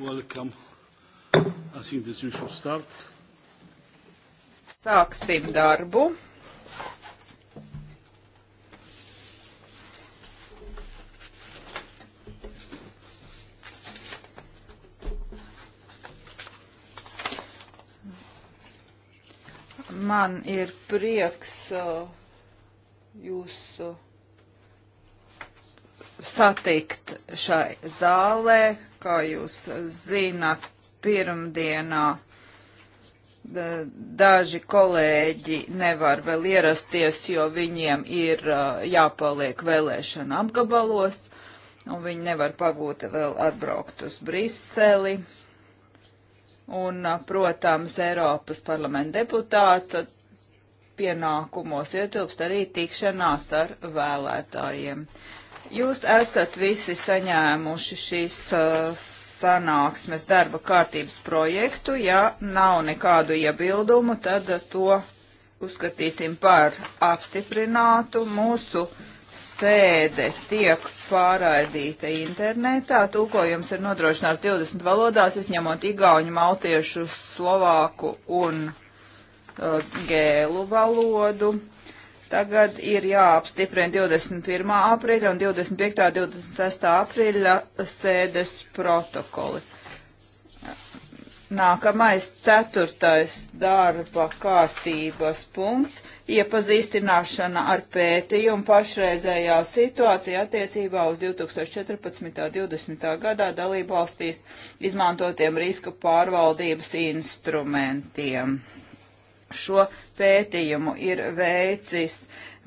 Welcome. I think this you should start. Sāksim darbu. Man ir prieks uh, jūs uh, satikt šai zālē, kā jūs zināt, pirmdienā daži kolēģi nevar vēl ierasties, jo viņiem ir jāpaliek vēlēšana apgabalos, un viņi nevar pagūt vēl atbraukt uz Briseli. Un, protams, Eiropas parlamenta deputāta pienākumos ietilpst arī tikšanās ar vēlētājiem. Uh, Jūs esat visi saņēmuši šīs uh, sanāksmes darba kārtības projektu. Ja nav nekādu iebildumu, tad uh, to uzskatīsim par apstiprinātu. Mūsu sēde tiek pārraidīta internetā. Tūkojums ir nodrošināts 20 valodās, izņemot igauņu, maltiešu, slovāku un uh, gēlu valodu. Tagad ir jāapstiprina 21. aprīļa un 25. un 26. aprīļa sēdes protokoli. Nākamais ceturtais darba kārtības punkts - iepazīstināšana ar pētījumu pašreizējā situācija attiecībā uz 2014.-2020. gadā dalību valstīs izmantotiem riska pārvaldības instrumentiem. Šo pētījumu ir veicis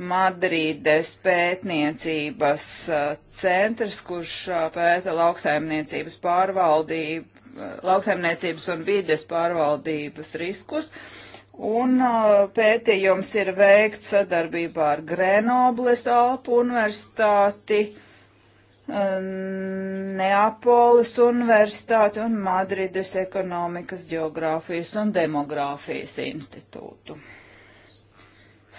Madrīdes pētniecības uh, centrs, kurš uh, pēta lauksaimniecības pārvaldību, uh, lauksaimniecības un vides pārvaldības riskus. Un pētījums ir veikts sadarbībā ar Grenobles Alpu universitāti Um, Neapolis Universitāti un Madrides ekonomikas geogrāfijas un demogrāfijas institūtu.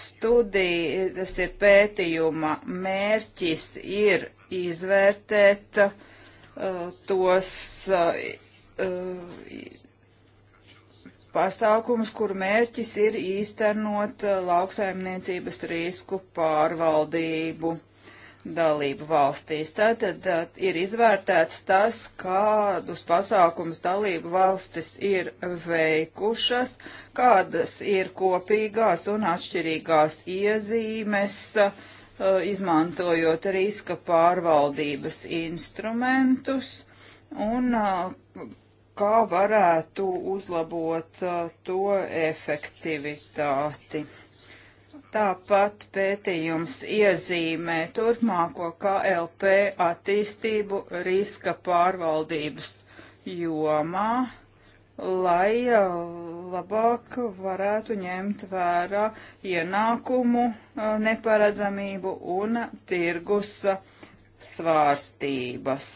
Studija, tas ir pētījuma mērķis, ir izvērtēt uh, tos uh, pasākums, kur mērķis ir īstenot uh, lauksaimniecības risku pārvaldību dalību valstīs. Tātad ir izvērtēts tas, kādus pasākumus dalību valstis ir veikušas, kādas ir kopīgās un atšķirīgās iezīmes, izmantojot riska pārvaldības instrumentus un kā varētu uzlabot to efektivitāti. Tāpat pētījums iezīmē turpmāko KLP attīstību riska pārvaldības jomā, lai uh, labāk varētu ņemt vērā ienākumu uh, neparedzamību un tirgus svārstības.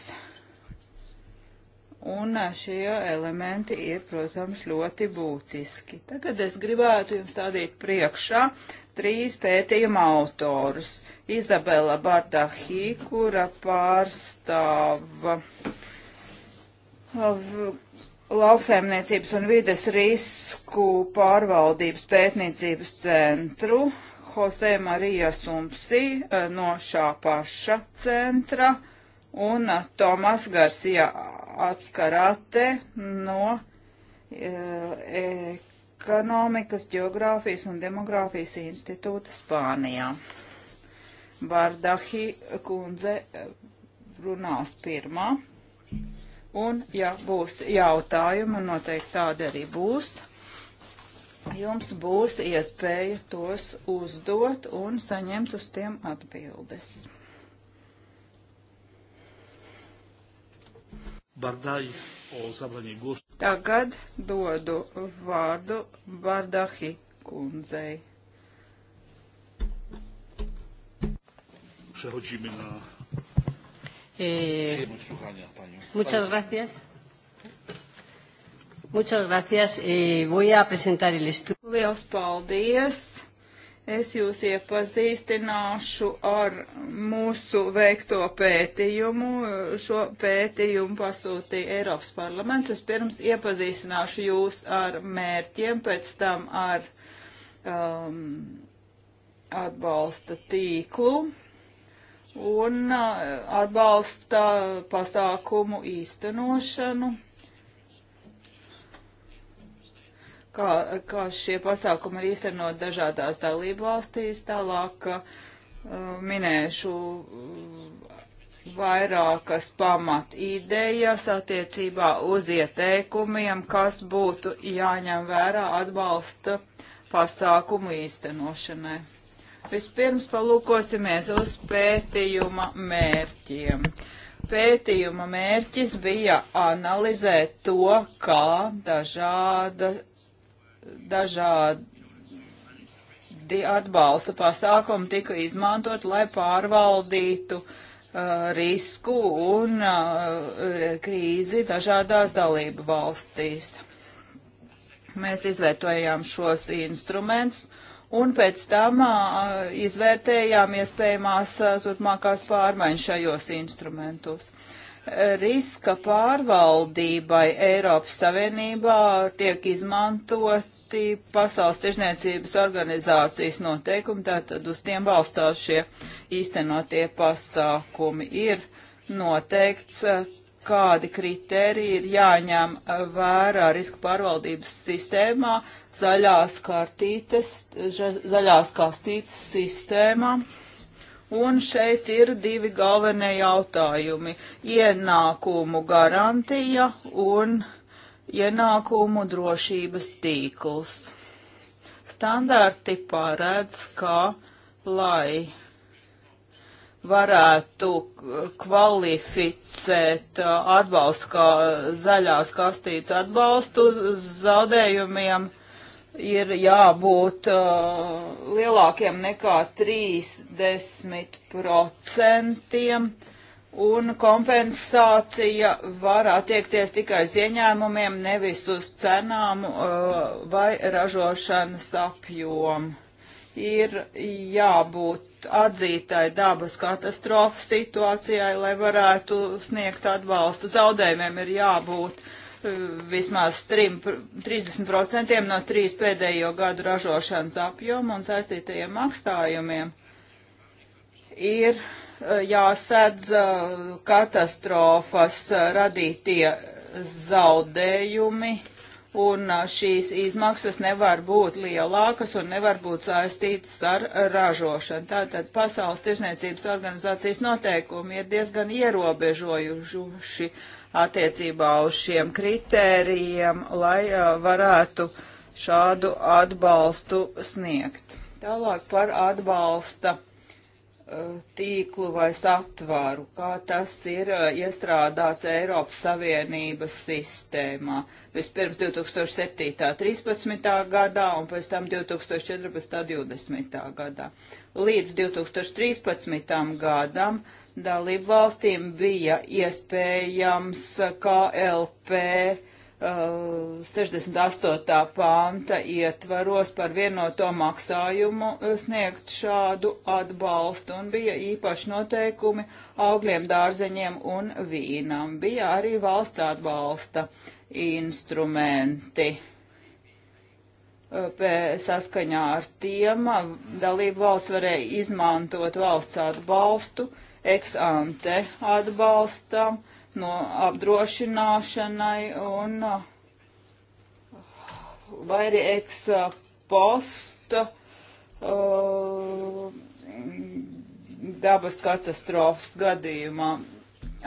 Un šie elementi ir, protams, ļoti būtiski. Tagad es gribētu jums stādīt priekšā trīs pētījuma autorus. Izabela Bardahī, kura pārstāv uh, lauksaimniecības un vides risku pārvaldības pētniecības centru, Jose Marija Sumpsi uh, no šā paša centra. Uh, un Tomas Garcia Atskarate no e, e, Ekonomikas, Geogrāfijas un Demogrāfijas institūta Spānijā. Bardahi kundze runās pirmā. Un, ja būs jautājumi, un noteikti tādi arī būs, jums būs iespēja tos uzdot un saņemt uz tiem atbildes. Bardaji o zabranie głosu. Tagad dodu vārdu Bardahi kundzei. Przechodzimy na eh, słuchania panią. Muchas gracias. Muchas gracias. Eh, voy a presentar el estudio. Liels paldies. Es jūs iepazīstināšu ar mūsu veikto pētījumu. Šo pētījumu pasūtīja Eiropas parlaments. Es pirms iepazīstināšu jūs ar mērķiem, pēc tam ar um, atbalsta tīklu un uh, atbalsta pasākumu īstenošanu. kā, kā šie pasākumi ir īstenot dažādās dalību valstīs. Tālāk uh, minēšu uh, vairākas pamat idejas attiecībā uz ieteikumiem, kas būtu jāņem vērā atbalsta pasākumu īstenošanai. Vispirms palūkosimies uz pētījuma mērķiem. Pētījuma mērķis bija analizēt to, kā dažāda, dažādi atbalsta pasākumi tika izmantot, lai pārvaldītu uh, risku un uh, krīzi dažādās dalību valstīs. Mēs izvērtojām šos instrumentus un pēc tam uh, izvērtējām iespējamās uh, turpmākās pārmaiņas šajos instrumentos riska pārvaldībai Eiropas Savienībā tiek izmantoti Pasaules tirzniecības organizācijas noteikumi, tātad uz tiem balstās šie īstenotie pasākumi. Ir noteikts, eh, kādi kriteriji ir jāņem eh, vērā riska pārvaldības sistēmā, zaļās kartītes, zaļās kastītes sistēmā. Uh, Un šeit ir divi galvenie jautājumi - ienākumu garantija un ienākumu drošības tīkls. Standarti paredz, ka, lai varētu kvalificēt uh, atbalstu kā zaļās kastītes atbalstu, zaudējumiem ir jābūt uh, lielākiem nekā 30%, un kompensācija var attiekties tikai uz ieņēmumiem, nevis uz cenām uh, vai ražošanas apjomu. Ir jābūt atzītai dabas katastrofas situācijai, lai varētu sniegt atbalstu. Zaudējumiem ir jābūt uh, vismaz 3, 30% no trīs pēdējo gadu ražošanas apjoma un saistītajiem makstājumiem ir e, jāsedz e, katastrofas e, radītie zaudējumi, un šīs izmaksas nevar būt lielākas un nevar būt saistītas ar ražošanu. Tātad Pasaules tirsniecības organizācijas noteikumi ir diezgan ierobežojuši attiecībā uz šiem kritērijiem, lai uh, varētu šādu atbalstu sniegt. Tālāk par atbalsta tīklu vai satvaru, kā tas ir uh, iestrādāts Eiropas Savienības sistēmā. Vispirms 2007.13. gadā un pēc tam 2014.20. gadā. Līdz 2013. gadam dalību valstīm bija iespējams KLP 68. Uh, panta ietvaros par vienoto maksājumu uh, sniegt šādu atbalstu un bija īpaši noteikumi augļiem, dārzeņiem un vīnam. Bija arī valsts atbalsta instrumenti. Uh, saskaņā ar tiem dalību valsts varēja izmantot valsts atbalstu, ex ante atbalstam no apdrošināšanai un vai arī eksposta uh, dabas katastrofas gadījumā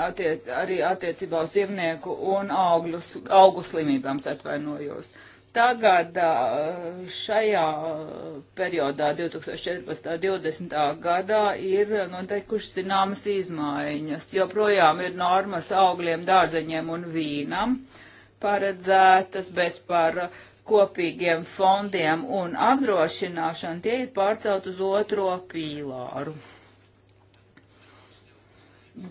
attiec, arī attiecībā uz dzīvnieku un augļus, augu slimībām atvainojos. Uh, Tagad šajā periodā 2014.20. gadā ir noteikušas zināmas izmaiņas. Joprojām ir normas augļiem, dārzeņiem un vīnam paredzētas, bet par kopīgiem fondiem un apdrošināšanu tie ir pārcelt uz otro pīlāru.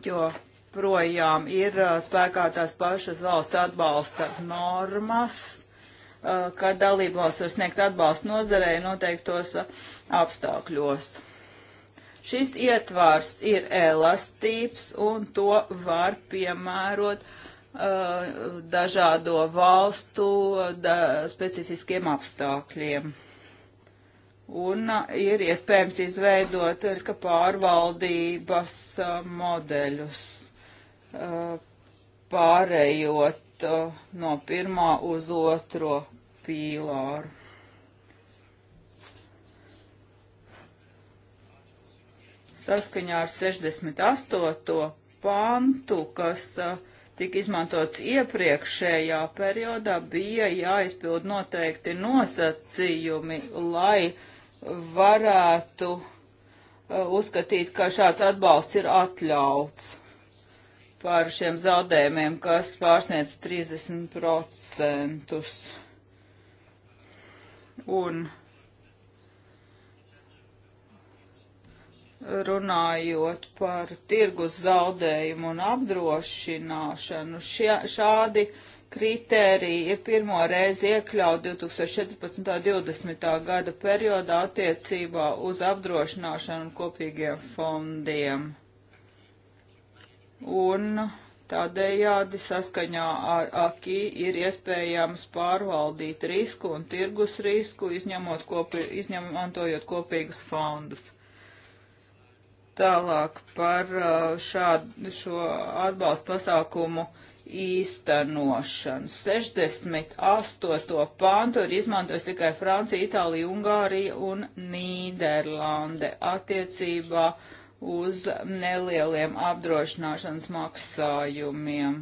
Jo projām ir spēkā tās pašas valsts atbalsta normas Uh, ka dalībvalsts var sniegt atbalstu nozarei noteiktos uh, apstākļos. Šis ietvārs ir elastīps un to var piemērot uh, dažādo valstu uh, da, specifiskiem apstākļiem. Un uh, ir iespējams izveidot riska pārvaldības uh, modeļus pārējot uh, no pirmā uz otro pīlāru. Saskaņā ar 68. pantu, kas uh, tika izmantots iepriekšējā periodā, bija jāizpild noteikti nosacījumi, lai varētu uh, uzskatīt, ka šāds atbalsts ir atļauts par šiem zaudējumiem, kas pārsniec 30%. Un runājot par tirgus zaudējumu un apdrošināšanu, šie, šādi kritēriji ir pirmo reizi iekļaut 2014. 20. gada periodā attiecībā uz apdrošināšanu un kopīgiem fondiem un tādējādi saskaņā ar AKI ir iespējams pārvaldīt risku un tirgus risku, izņemot kopi, izņemantojot kopīgus fondus. Tālāk par uh, šādu, šo atbalstu pasākumu īstenošanu. 68. pantu ir izmantojis tikai Francija, Itālija, Ungārija un Nīderlande attiecībā uz nelieliem apdrošināšanas maksājumiem.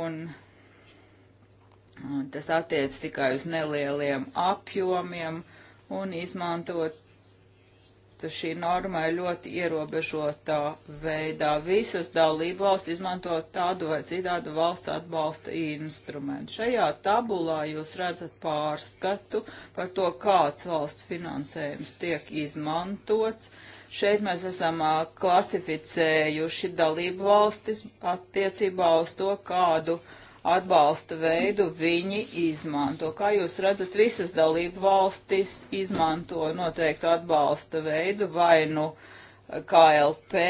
Un Tas attiec tikai uz nelieliem apjomiem un izmantot šī norma ir ļoti ierobežotā veidā. Visas dalību valsts izmanto tādu vai citādu valsts atbalsta instrumentu. Šajā tabulā jūs redzat pārskatu par to, kāds valsts finansējums tiek izmantots. Šeit mēs esam a, klasificējuši dalību valstis attiecībā uz to, kādu uh, atbalsta veidu viņi izmanto. Kā jūs redzat, visas dalību valstis izmanto noteiktu atbalsta veidu vai nu KLP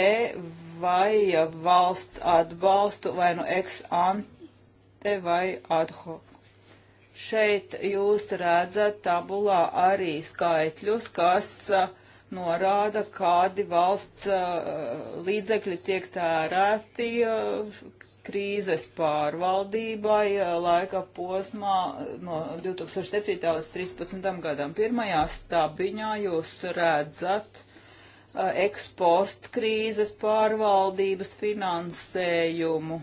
vai valsts atbalstu vai nu ex ante vai ad hoc. Šeit jūs redzat tabulā arī skaitļus, kas uh, norāda, kādi valsts uh, līdzekļi tiek tērēti uh, krīzes pārvaldībai eh, laika posmā no 2007. līdz 2013. gadam. Pirmajā stabiņā jūs redzat ekspost eh, krīzes pārvaldības finansējumu.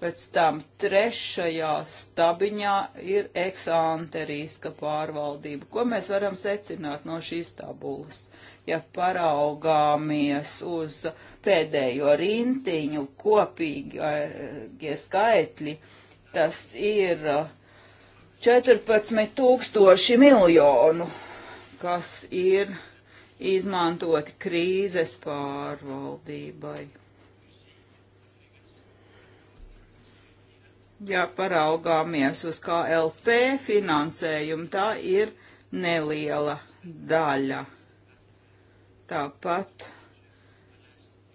Pēc tam trešajā stabiņā ir eksānteriska pārvaldība. Ko mēs varam secināt no šīs tabulas? ja paraugāmies uz pēdējo rintiņu kopīgie skaitļi, tas ir 14 uh, tūkstoši miljonu, kas ir izmantoti krīzes pārvaldībai. Ja paraugāmies uz KLP finansējumu, tā ir neliela daļa. Tāpat,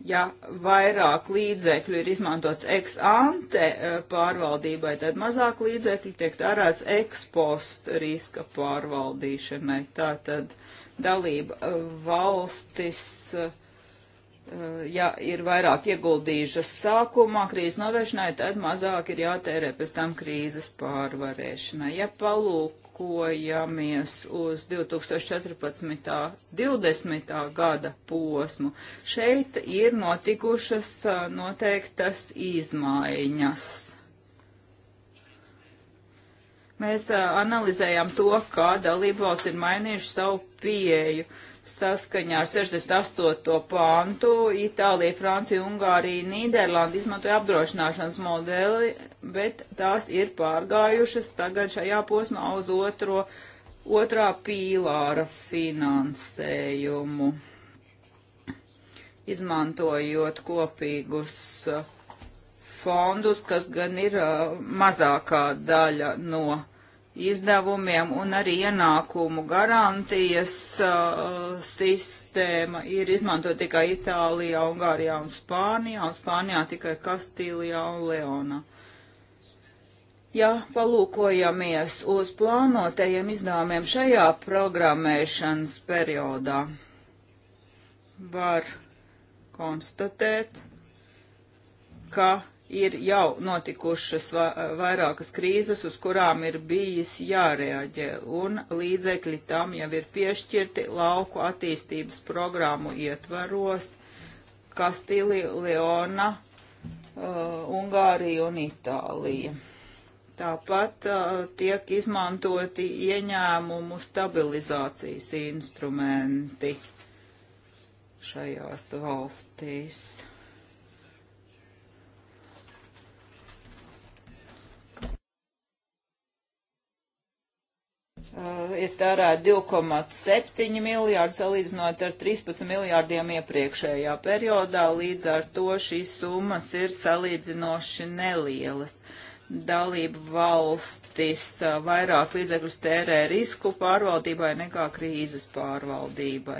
ja vairāk līdzekļu ir izmantots ex ante e, pārvaldībai, tad mazāk līdzekļu tiek tērēts ex post riska pārvaldīšanai. Tātad dalība e, valstis. Uh, ja ir vairāk ieguldījušas sākumā krīzes novēršanai, tad mazāk ir jātērē pēc tam krīzes pārvarēšanai. Ja palūk, palūkojamies uz 2014. 20. gada posmu, šeit ir notikušas noteiktas izmaiņas. Mēs analizējām to, kā dalībvalsts ir mainījuši savu pieeju. Uh, saskaņā ar 68. pantu Itālija, Francija, Ungārija, Nīderlanda izmantoja apdrošināšanas modeli, bet tās ir pārgājušas tagad šajā posmā uz otro, otrā pīlāra finansējumu, izmantojot kopīgus uh, fondus, kas gan ir uh, mazākā daļa no izdevumiem un arī ienākumu garantijas uh, sistēma ir izmantot tikai Itālijā, Ungārijā un Spānijā, un Spānijā tikai Kastīlijā un Leonā. Ja palūkojamies uz plānotajiem izdevumiem šajā programmēšanas periodā, var konstatēt, ka ir jau notikušas va vairākas krīzes, uz kurām ir bijis jāreaģē, un līdzekļi tam jau ir piešķirti lauku attīstības programmu ietvaros Kastīli, Leona, uh, Ungārija un Itālija. Tāpat uh, tiek izmantoti ieņēmumu stabilizācijas instrumenti šajās valstīs. Uh, ir tērēta 2,7 miljārdi salīdzinot ar 13 miljārdiem iepriekšējā periodā, līdz ar to šīs summas ir salīdzinoši nelielas. Dalību valstis uh, vairāk līdzekļus tērē risku pārvaldībai nekā krīzes pārvaldībai.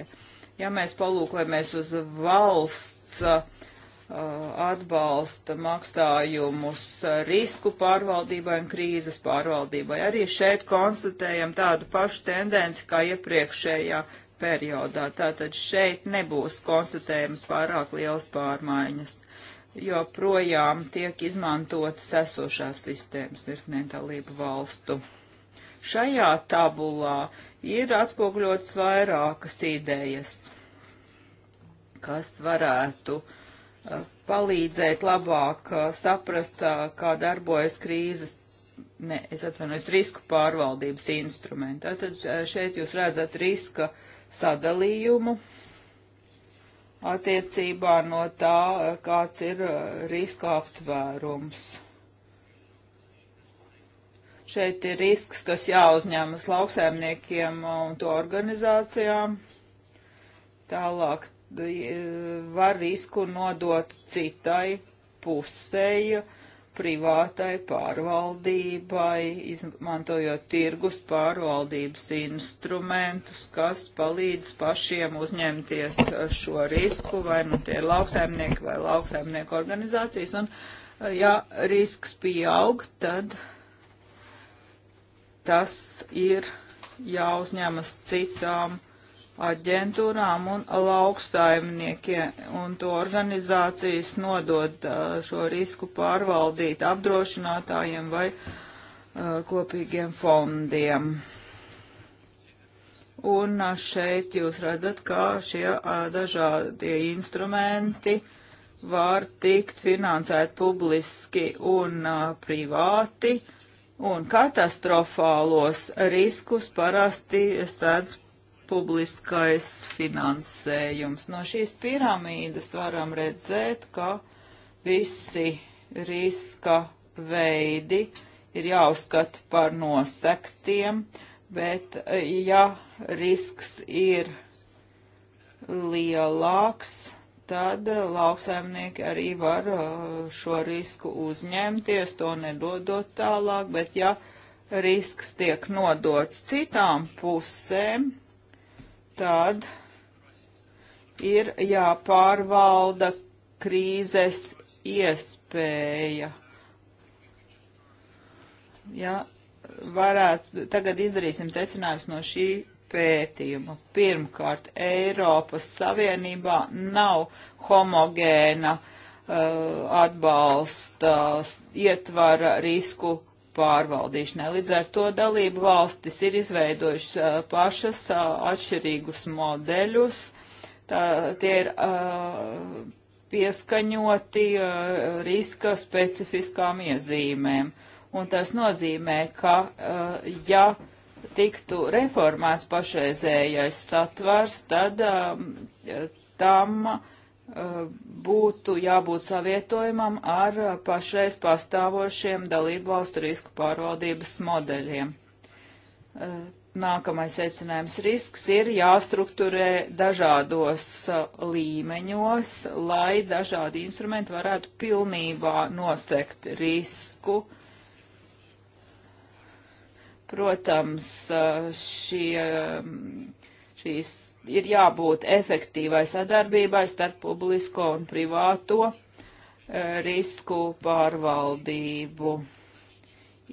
Ja mēs palūkojamies uz valsts uh, Uh, atbalsta maksājumus risku pārvaldībai un krīzes pārvaldībai. Arī šeit konstatējam tādu pašu tendenci kā iepriekšējā periodā. Tātad šeit nebūs konstatējums pārāk liels pārmaiņas, jo projām tiek izmantotas esošās sistēmas virknēm dalību valstu. Šajā tabulā ir atspoguļotas vairākas idejas, kas varētu uh, palīdzēt labāk saprast, kā darbojas krīzes, ne, es atvainojos, risku pārvaldības instrumenti. Tad šeit jūs redzat riska sadalījumu attiecībā no tā, kāds ir riska aptvērums. Šeit ir risks, kas jāuzņemas lauksēmniekiem un to organizācijām. Tālāk Eh, var risku nodot citai pusēju privātai pārvaldībai, izmantojot tirgus pārvaldības instrumentus, kas palīdz pašiem uzņemties šo risku, vai nu tie ir lauksaimnieki vai lauksaimnieku organizācijas. Un, eh, ja risks pieaug, tad tas ir jāuzņemas citām uh, aģentūrām un lauksaimniekiem, un to organizācijas nodod uh, šo risku pārvaldīt apdrošinātājiem vai uh, kopīgiem fondiem. Un uh, šeit jūs redzat, kā šie dažādie instrumenti var tikt finansēt publiski un privāti, un katastrofālos riskus parasti sēdz publiskais finansējums. No šīs piramīdas varam redzēt, ka visi riska veidi ir jāuzskata par nosektiem, bet ja risks ir lielāks, tad lauksaimnieki arī var uh, šo risku uzņemties, to nedodot tālāk, bet ja risks tiek nodots citām pusēm, tad ir jāpārvalda krīzes iespēja. Ja varētu, tagad izdarīsim secinājumus no šī pētījuma. Pirmkārt, Eiropas Savienībā nav homogēna uh, atbalsta uh, ietvara risku pārvaldīšanai. Līdz ar to dalību valstis ir izveidojušas pašas atšķirīgus modeļus. Tā, tie ir pieskaņoti riska specifiskām iezīmēm. Un tas nozīmē, ka ja tiktu reformēts pašreizējais satvars, tad tam uh, būtu jābūt savietojumam ar pašreiz pastāvošiem dalību valstu risku pārvaldības modeļiem. Eh, nākamais secinājums risks ir jāstrukturē dažādos eh, līmeņos, lai dažādi instrumenti varētu pilnībā nosekt risku. Protams, eh, šie, mm, šīs ir jābūt efektīvai sadarbībai starp publisko un privāto eh, risku pārvaldību.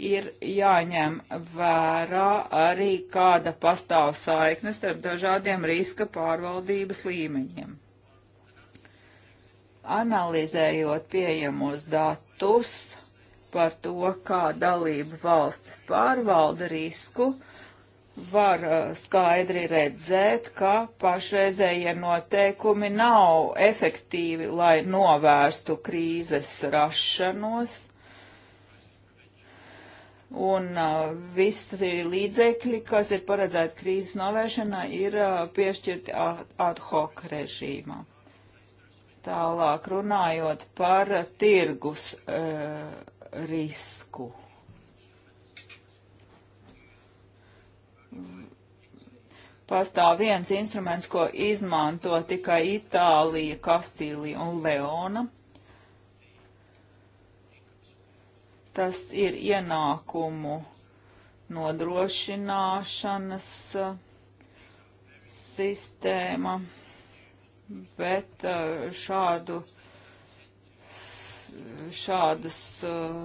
Ir jāņem vērā arī kāda pastāv saiknes starp dažādiem riska pārvaldības līmeņiem. Analizējot pieejamos datus par to, kā dalība valstis pārvalda risku, uh, var uh, skaidri redzēt, ka pašreizējie noteikumi nav efektīvi, lai novērstu krīzes rašanos. Un uh, visi līdzekļi, kas ir paredzēti krīzes novēršanā, ir uh, piešķirti ad hoc režīmā. Tālāk runājot par tirgus uh, risku pastāv viens instruments, ko izmanto tikai Itālija, Kastīlija un Leona. Tas ir ienākumu nodrošināšanas uh, sistēma, bet uh, šādu, šādas uh,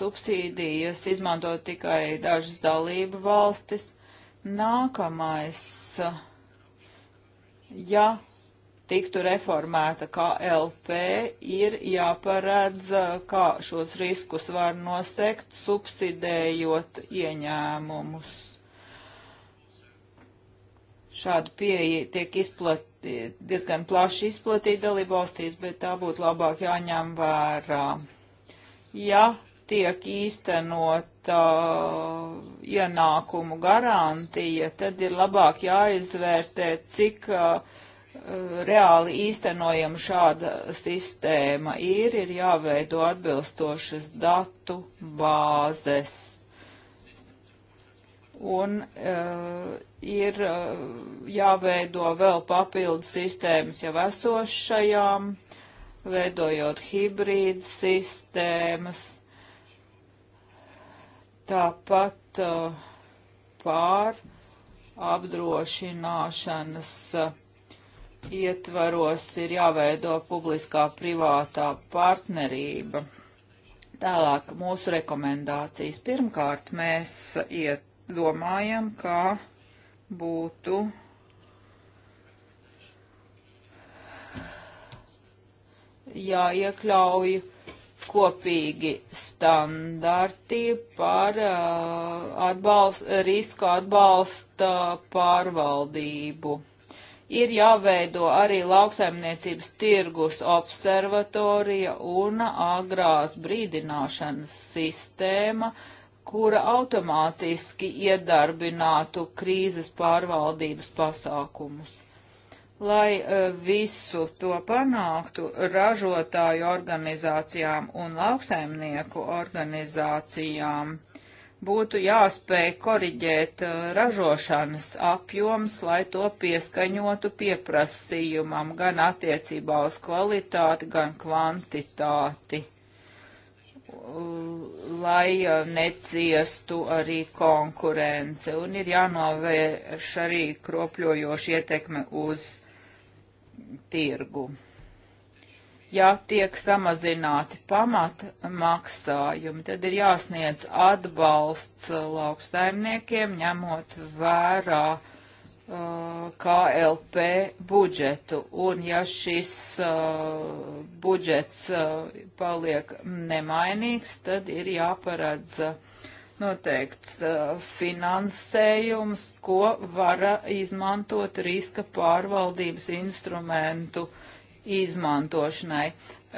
subsīdijas izmanto tikai dažas dalību valstis Nākamais, ja tiktu reformēta KLP, ir jāparedz, kā šos riskus var nosekt, subsidējot ieņēmumus. Šāda pieeja tiek izplati, diezgan plaši izplatīta dalībvalstīs, bet tā būtu labāk jāņem vērā. Ja tiek īstenota uh, ienākumu garantija, tad ir labāk jāizvērtē, cik uh, reāli īstenojama šāda sistēma ir, ir jāveido atbilstošas datu bāzes. Un uh, ir uh, jāveido vēl papildu sistēmas jau esošajām, veidojot hibrīd sistēmas, Tāpat uh, pār apdrošināšanas uh, ietvaros ir jāveido publiskā privātā partnerība. Tālāk mūsu rekomendācijas. Pirmkārt, mēs domājam, kā būtu jāiekļauj. Ja kopīgi standarti par uh, atbalst, risku atbalsta pārvaldību. Ir jāveido arī lauksaimniecības tirgus observatorija un agrās brīdināšanas sistēma, kura automātiski iedarbinātu krīzes pārvaldības pasākumus. Lai eh, visu to panāktu, ražotāju organizācijām un lauksaimnieku organizācijām būtu jāspēj koriģēt eh, ražošanas apjoms, lai to pieskaņotu pieprasījumam gan attiecībā uz kvalitāti, gan kvantitāti, lai eh, neciestu arī konkurence. Un ir jānovērš arī kropļojoši ietekme uz tirgu. Ja tiek samazināti pamatmaksājumi, tad ir jāsniedz atbalsts lauksaimniekiem, ņemot vērā uh, KLP budžetu. Un ja šis uh, budžets uh, paliek nemainīgs, tad ir jāparedz uh, noteikts uh, finansējums, ko var izmantot riska pārvaldības instrumentu izmantošanai.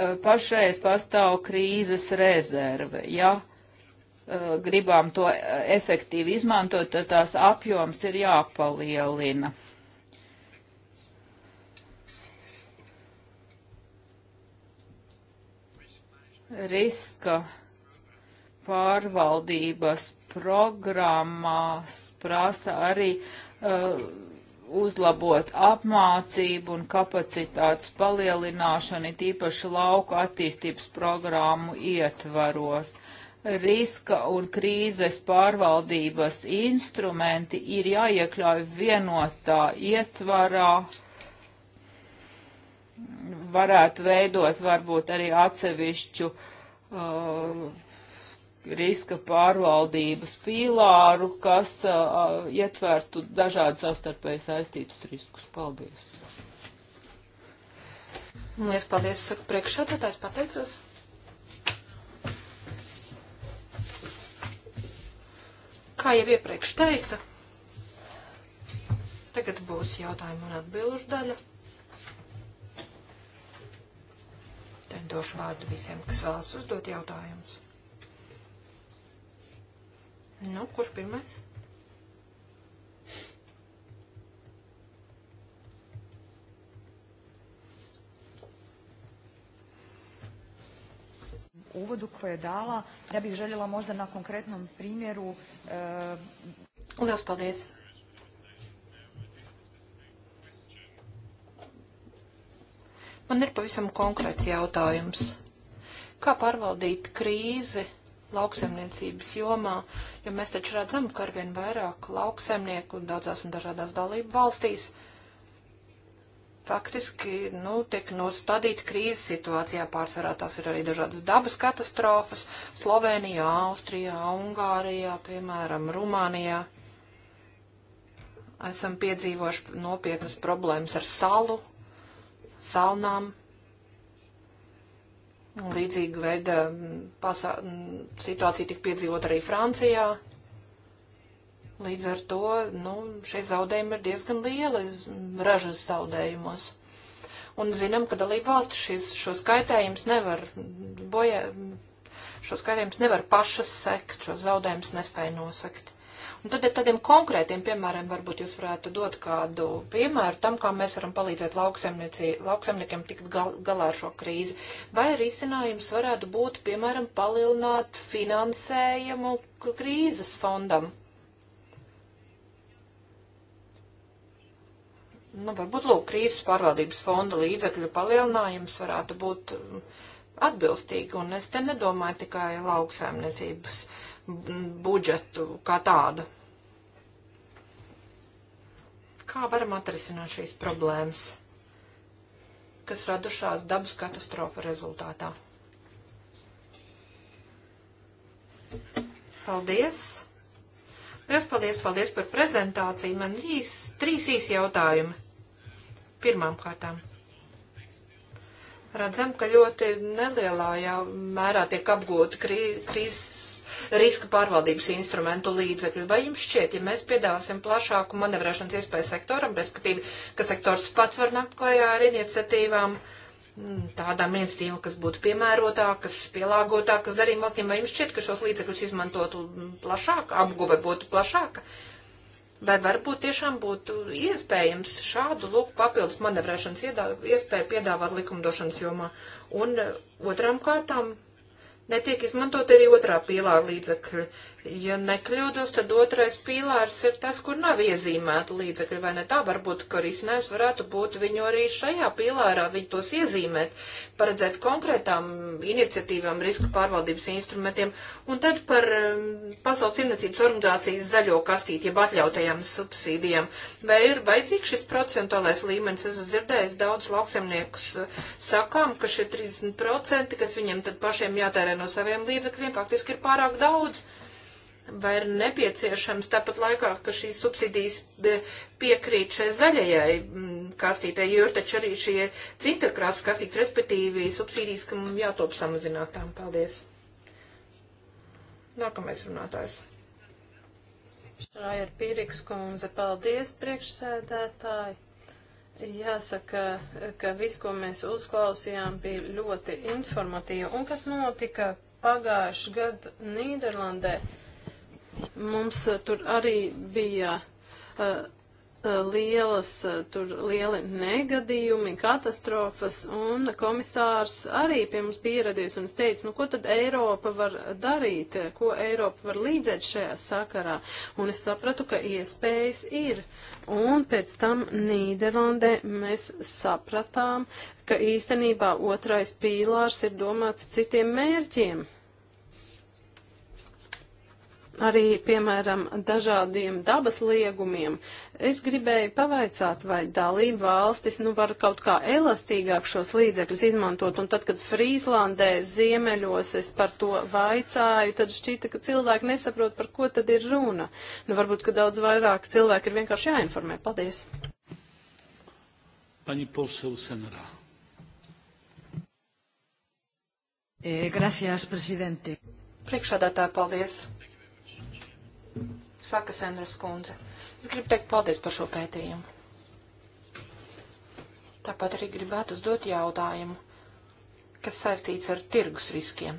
Uh, pašreiz pastāv krīzes rezerve. Ja uh, gribam to uh, efektīvi izmantot, tad tās apjoms ir jāpalielina. Riska pārvaldības programmās prasa arī uh, uzlabot apmācību un kapacitātes palielināšanu, tīpaši lauku attīstības programmu ietvaros. Riska un krīzes pārvaldības instrumenti ir jāiekļauj vienotā ietvarā, varētu veidot varbūt arī atsevišķu uh, riska pārvaldības pīlāru, kas uh, ietvertu dažādu savstarpēji saistītus riskus. Paldies! Nu, Lielas paldies, saka priekšsēdētājs, pateicos. Kā jau iepriekš teica, tagad būs jautājumu un atbilžu daļa. Tad došu vārdu visiem, kas vēlas uzdot jautājumus. Nu, kurš pirmais? uvodu koje je dala. Ja bih željela možda na konkretnom primjeru... E... Liels paldies! Man ir pavisam konkrēts jautājums. Kā pārvaldīt krīzi lauksemniecības jomā, jo mēs taču redzam, ka arvien vairāk lauksaimnieku daudzās un dažādās dalību valstīs faktiski, nu, tiek nostādīti krīzes situācijā pārsvarā. Tās ir arī dažādas dabas katastrofas Slovenijā, Austrijā, Ungārijā, piemēram, Rumānijā. Esam piedzīvojuši nopietnas problēmas ar salu, salnām, Līdzīga veida pasā... situācija tika piedzīvot arī Francijā. Līdz ar to nu, šie zaudējumi ir diezgan lieli ražas zaudējumos. Un zinām, ka dalība valsts šis, šo skaitējumus nevar bojā, šo skaitējumus nevar pašas sekt, šo zaudējumus nespēja nosekt. Un tad ar tādiem konkrētiem piemēriem varbūt jūs varētu dot kādu piemēru tam, kā mēs varam palīdzēt lauksemniekiem tikt gal, galā ar šo krīzi. Vai risinājums varētu būt, piemēram, palielināt finansējumu krīzes fondam? Nu, varbūt lūk, krīzes pārvaldības fonda līdzekļu palielinājums varētu būt atbilstīgi, un es te nedomāju tikai lauksaimniecības budžetu kā tādu. Kā varam atrisināt šīs problēmas, kas radušās dabas katastrofa rezultātā? Paldies! Liels paldies, paldies par prezentāciju. Man ir īs, trīs īsi jautājumi. Pirmām kārtām. Redzam, ka ļoti nelielā mērā tiek apgūta krī, krīzes riska pārvaldības instrumentu līdzekļu. Vai jums šķiet, ja mēs piedāvāsim plašāku manevrēšanas iespēju sektoram, respektīvi, ka sektors pats var nākt klajā ar iniciatīvām? Mm, tādām iniciatīvām, kas būtu piemērotākas, pielāgotākas darījuma valstīm, vai jums šķiet, ka šos līdzekļus izmantotu plašāk, apguve būtu plašāka? Vai varbūt tiešām būtu iespējams šādu lūk papildus manevrēšanas iespēju piedāvāt likumdošanas jomā? Un eh, otrām kārtām netiek izmantot arī otrā pīlāra līdzekļi. Ja nekļūdos, tad otrais pīlārs ir tas, kur nav iezīmēta līdzekļi, vai ne tā? Varbūt, ka risinājums varētu būt viņu arī šajā pīlārā, viņu tos iezīmēt, paredzēt konkrētām iniciatīvām, riska pārvaldības instrumentiem, un tad par um, Pasaules cilvēcības organizācijas zaļo kastīti, jeb atļautajām subsīdijām. Vai ir vajadzīgs šis procentuālais līmenis? Es dzirdēju daudz lauksemniekus uh, sakām, ka šie 30%, kas viņiem tad pašiem jātērē no saviem līdzekļiem, faktiski ir pārāk daudz vai ir nepieciešams tāpat laikā, ka šīs subsidijas eh, piekrīt šai zaļajai mm, kastītē, jo ir taču arī šie cinterkrāsas kastīti, respektīvi subsidijas, kam jātop samazinātām. Paldies. Nākamais runātājs. Šā ir Pīriks kundze. Paldies, priekšsēdētāji. Jāsaka, ka viss, ko mēs uzklausījām, bija ļoti informatīvi. Un kas notika pagājuši gadu Nīderlandē? Uh, Mums eh, tur arī bija uh, lielas, tur lieli negadījumi, katastrofas, un komisārs arī pie mums bija ieradies un teica, nu ko tad Eiropa var darīt, ko Eiropa var līdzēt šajā sakarā, un es sapratu, ka iespējas ir, un pēc tam Nīderlandē mēs sapratām, ka īstenībā otrais pīlārs ir domāts citiem mērķiem arī, piemēram, dažādiem dabas liegumiem. Es gribēju pavaicāt, vai dalība valstis, nu, var kaut kā elastīgāk šos līdzekļus izmantot, un tad, kad Frīzlandē ziemeļos es par to vaicāju, tad šķita, ka cilvēki nesaprot, par ko tad ir runa. Nu, varbūt, ka daudz vairāk cilvēki ir vienkārši jāinformē. Paldies! Pani poseł Senra. Eh, gracias, presidente. Priekšādātā, paldies saka Sandras kundze. Es gribu teikt paldies par šo pētījumu. Tāpat arī gribētu uzdot jautājumu, kas saistīts ar tirgus riskiem.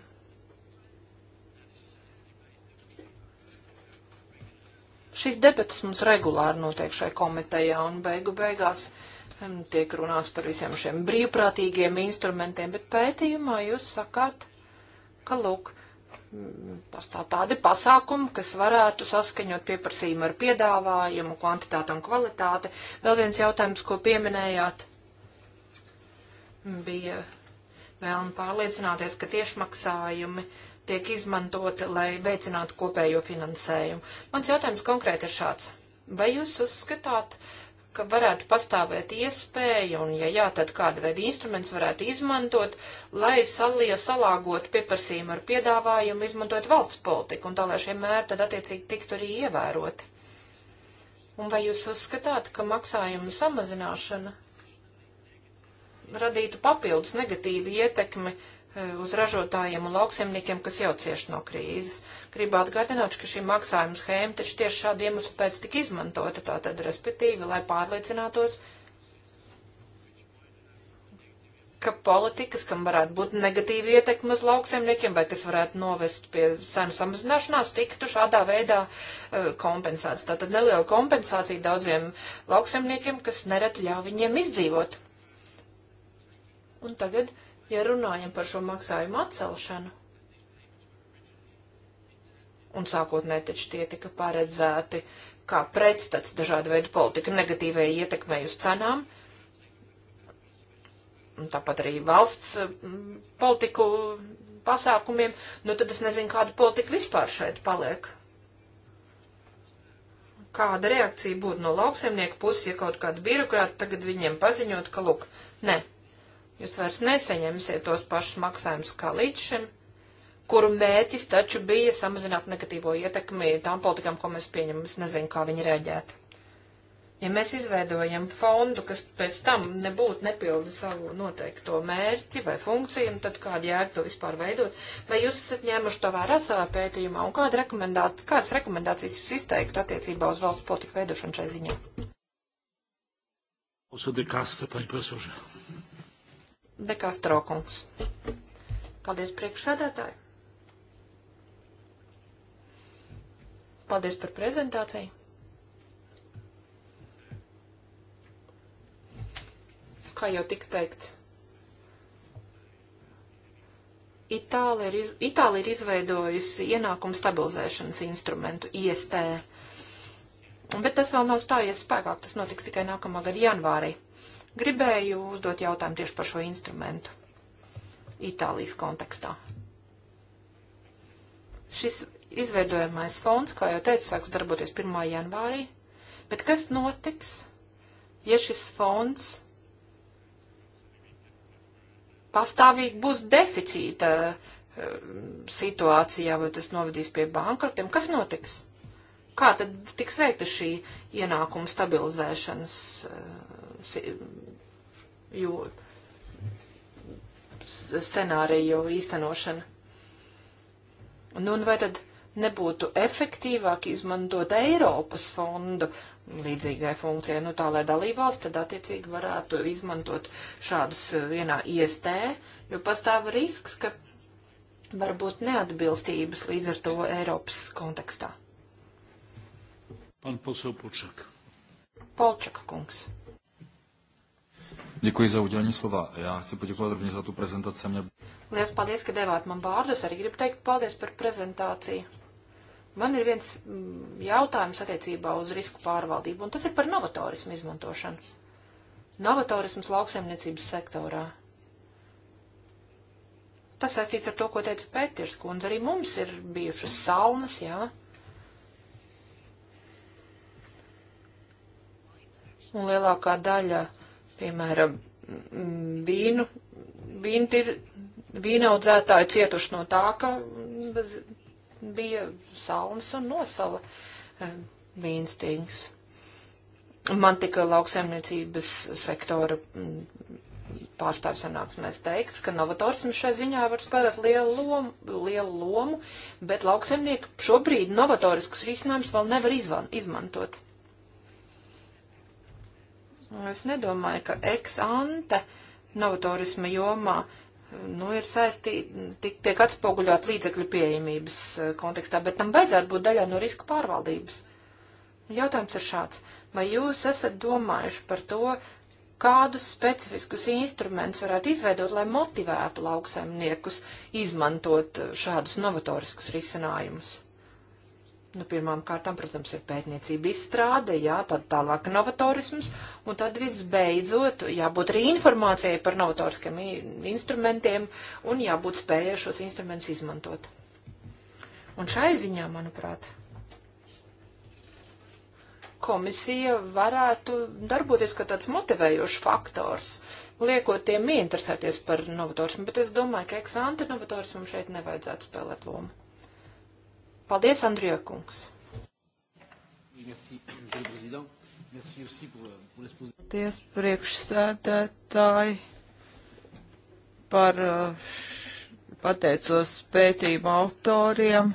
Šīs debatas mums regulāri notiek šai komitejā un beigu beigās tiek runāts par visiem šiem brīvprātīgiem instrumentiem, bet pētījumā jūs sakāt, ka, lūk, pastāv tādi pasākumi, kas varētu saskaņot pieprasījumu ar piedāvājumu, kvantitātu un kvalitāti. Vēl viens jautājums, ko pieminējāt, bija vēlme pārliecināties, ka tiešmaksājumi tiek izmantoti, lai veicinātu kopējo finansējumu. Mans jautājums konkrēti ir šāds. Vai jūs uzskatāt, uh, ka varētu pastāvēt iespēja, un ja jā, tad kāda veida instruments varētu izmantot, lai salie salāgotu pieprasījumu ar piedāvājumu, izmantojot valsts politiku, un tā, lai šie mēri tad attiecīgi tiktu arī ievēroti. Un vai jūs uzskatāt, ka maksājumu samazināšana radītu papildus negatīvu ietekmi eh, uz ražotājiem un lauksemniekiem, kas jau cieši no krīzes? Gribu atgādināt, ka šī maksājuma schēma taču tieši šādu iemeslu pēc tika izmantota, tātad, respektīvi, lai pārliecinātos, ka politikas, kam varētu būt negatīva ietekme uz lauksaimniekiem, vai kas varētu novest pie cenu samazināšanās, tiktu šādā veidā uh, kompensēts. Tātad neliela kompensācija daudziem lauksaimniekiem, kas nereti ļauj viņiem izdzīvot. Un tagad, ja runājam par šo maksājumu atcelšanu, un sākotnēji taču tie tika paredzēti kā pretstats dažādu veidu politika negatīvai ietekmei uz cenām. Un tāpat arī valsts mm, politiku pasākumiem, nu tad es nezinu, kāda politika vispār šeit paliek. Kāda reakcija būtu no lauksaimnieku puses, ja kaut kāda birokrāta tagad viņiem paziņot, ka, lūk, ne, jūs vairs neseņemsiet tos pašus maksājumus kā līdz šim kuru mērķis taču bija samazināt negatīvo ietekmi tām politikām, ko mēs pieņemam. Es nezinu, kā viņi rēģētu. Ja mēs izveidojam fondu, kas pēc tam nebūtu nepilda savu noteikto mērķi vai funkciju, nu tad kāda jēga to vispār veidot? Vai jūs esat ņēmuši to vērā savā pētījumā un kāda rekomendāt, kādas rekomendācijas jūs izteiktu attiecībā uz valsts politiku veidošanu šai ziņā? Dekastro kungs. Paldies priekšsēdētāji. Paldies par prezentāciju. Kā jau tika teikts, Itālija ir, iz, Itālija ir izveidojusi ienākumu stabilizēšanas instrumentu IST, bet tas vēl nav stājies spēkā, tas notiks tikai nākamā gada janvārī. Gribēju uzdot jautājumu tieši par šo instrumentu Itālijas kontekstā. Šis Izveidojamais fonds, kā jau teicu, sāks darboties 1. janvārī. Bet kas notiks, ja šis fonds pastāvīgi būs deficīta eh, situācijā, vai tas novedīs pie bankrotiem? Kas notiks? Kā tad tiks veikta šī ienākuma stabilizēšanas eh, jo, scenāriju īstenošana? Nu, un vai tad nebūtu efektīvāk izmantot Eiropas fondu līdzīgai funkcijai, nu tā, lai dalībvalsts tad attiecīgi varētu izmantot šādus eh, vienā IST, jo pastāv risks, ka varbūt neatbilstības līdz ar to Eiropas kontekstā. Pan posel Polčak. Polčak kungs. Děkuji za udělení slova. Já chci poděkovat rovněž za tu prezentaci. Mě... Lielas paldies, ka devāt man vārdus. Arī gribu teikt paldies par prezentāciju. Man ir viens mm, jautājums attiecībā uz risku pārvaldību, un tas ir par novatorismu izmantošanu. Novatorisms lauksaimniecības sektorā. Tas saistīts ar to, ko teica Pēters kundze. Arī mums ir bijušas saunas, jā. Un lielākā daļa, piemēram, mm, vīnu, vīnu, vīnaudzētāji cietuši no tā, ka bez, bija salnas un nosala vīnstīgs. Eh, Man tika lauksaimniecības sektora mm, pārstāvju sanāksmēs teikts, ka novatorisms šai ziņā var spēlēt lielu lomu, lielu lomu bet lauksaimnieki šobrīd novatoriskus risinājumus vēl nevar izvan, izmantot. Es nedomāju, ka ex ante novatorisma jomā nu, ir saistīti, tiek atspoguļot līdzekļu pieejamības eh, kontekstā, bet tam vajadzētu būt daļai no riska pārvaldības. Jautājums ir šāds. Vai jūs esat domājuši par to, kādus specifiskus instrumentus varētu izveidot, lai motivētu lauksaimniekus izmantot eh, šādus novatoriskus risinājumus? Nu, pirmām kārtām, protams, ir pētniecība izstrāde, jā, tad tālāk novatorisms, un tad visbeidzot jābūt arī informācijai par novatoriskiem instrumentiem un jābūt spējai šos instrumentus izmantot. Un šai ziņā, manuprāt, komisija varētu darboties kā tāds motivējošs faktors, liekot tiem ieinteresēties par novatorismu, bet es domāju, ka eksante novatorismu šeit nevajadzētu spēlēt lomu. Paldies, Andrija kungs. Euh, Paldies, priekšsēdētāji, par uh, pateicos pētījumu autoriem.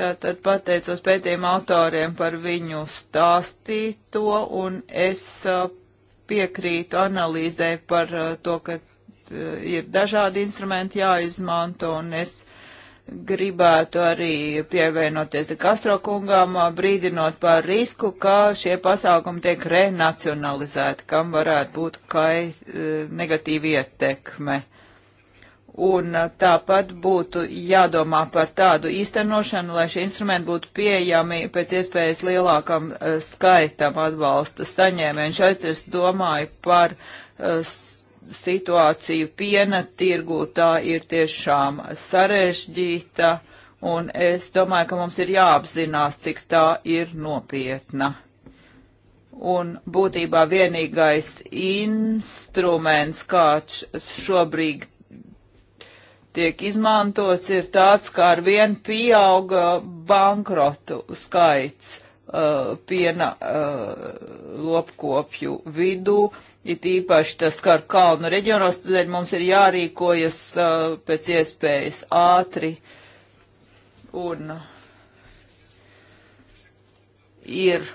Tātad pateicos pētījuma autoriem par viņu stāstīto, un es uh, piekrītu analīzē par uh, to, ka ir dažādi instrumenti jāizmanto, un es gribētu arī pievienoties Castro kungām, brīdinot par risku, ka šie pasākumi tiek renacionalizēti, kam varētu būt kai negatīva ietekme. Un tāpat būtu jādomā par tādu īstenošanu, lai šie instrumenti būtu pieejami pēc iespējas lielākam skaitam atbalsta saņēmēju. Šeit es domāju par uh, situāciju piena tirgū tā ir tiešām sarežģīta, un es domāju, ka mums ir jāapzinās, cik tā ir nopietna. Un būtībā vienīgais instruments, kāds šobrīd tiek izmantots, ir tāds, kā ar vien pieauga bankrotu skaits Uh, piena uh, lopkopju vidū. It īpaši tas skar kalnu reģionos, tādēļ mums ir jārīkojas uh, pēc iespējas ātri un ir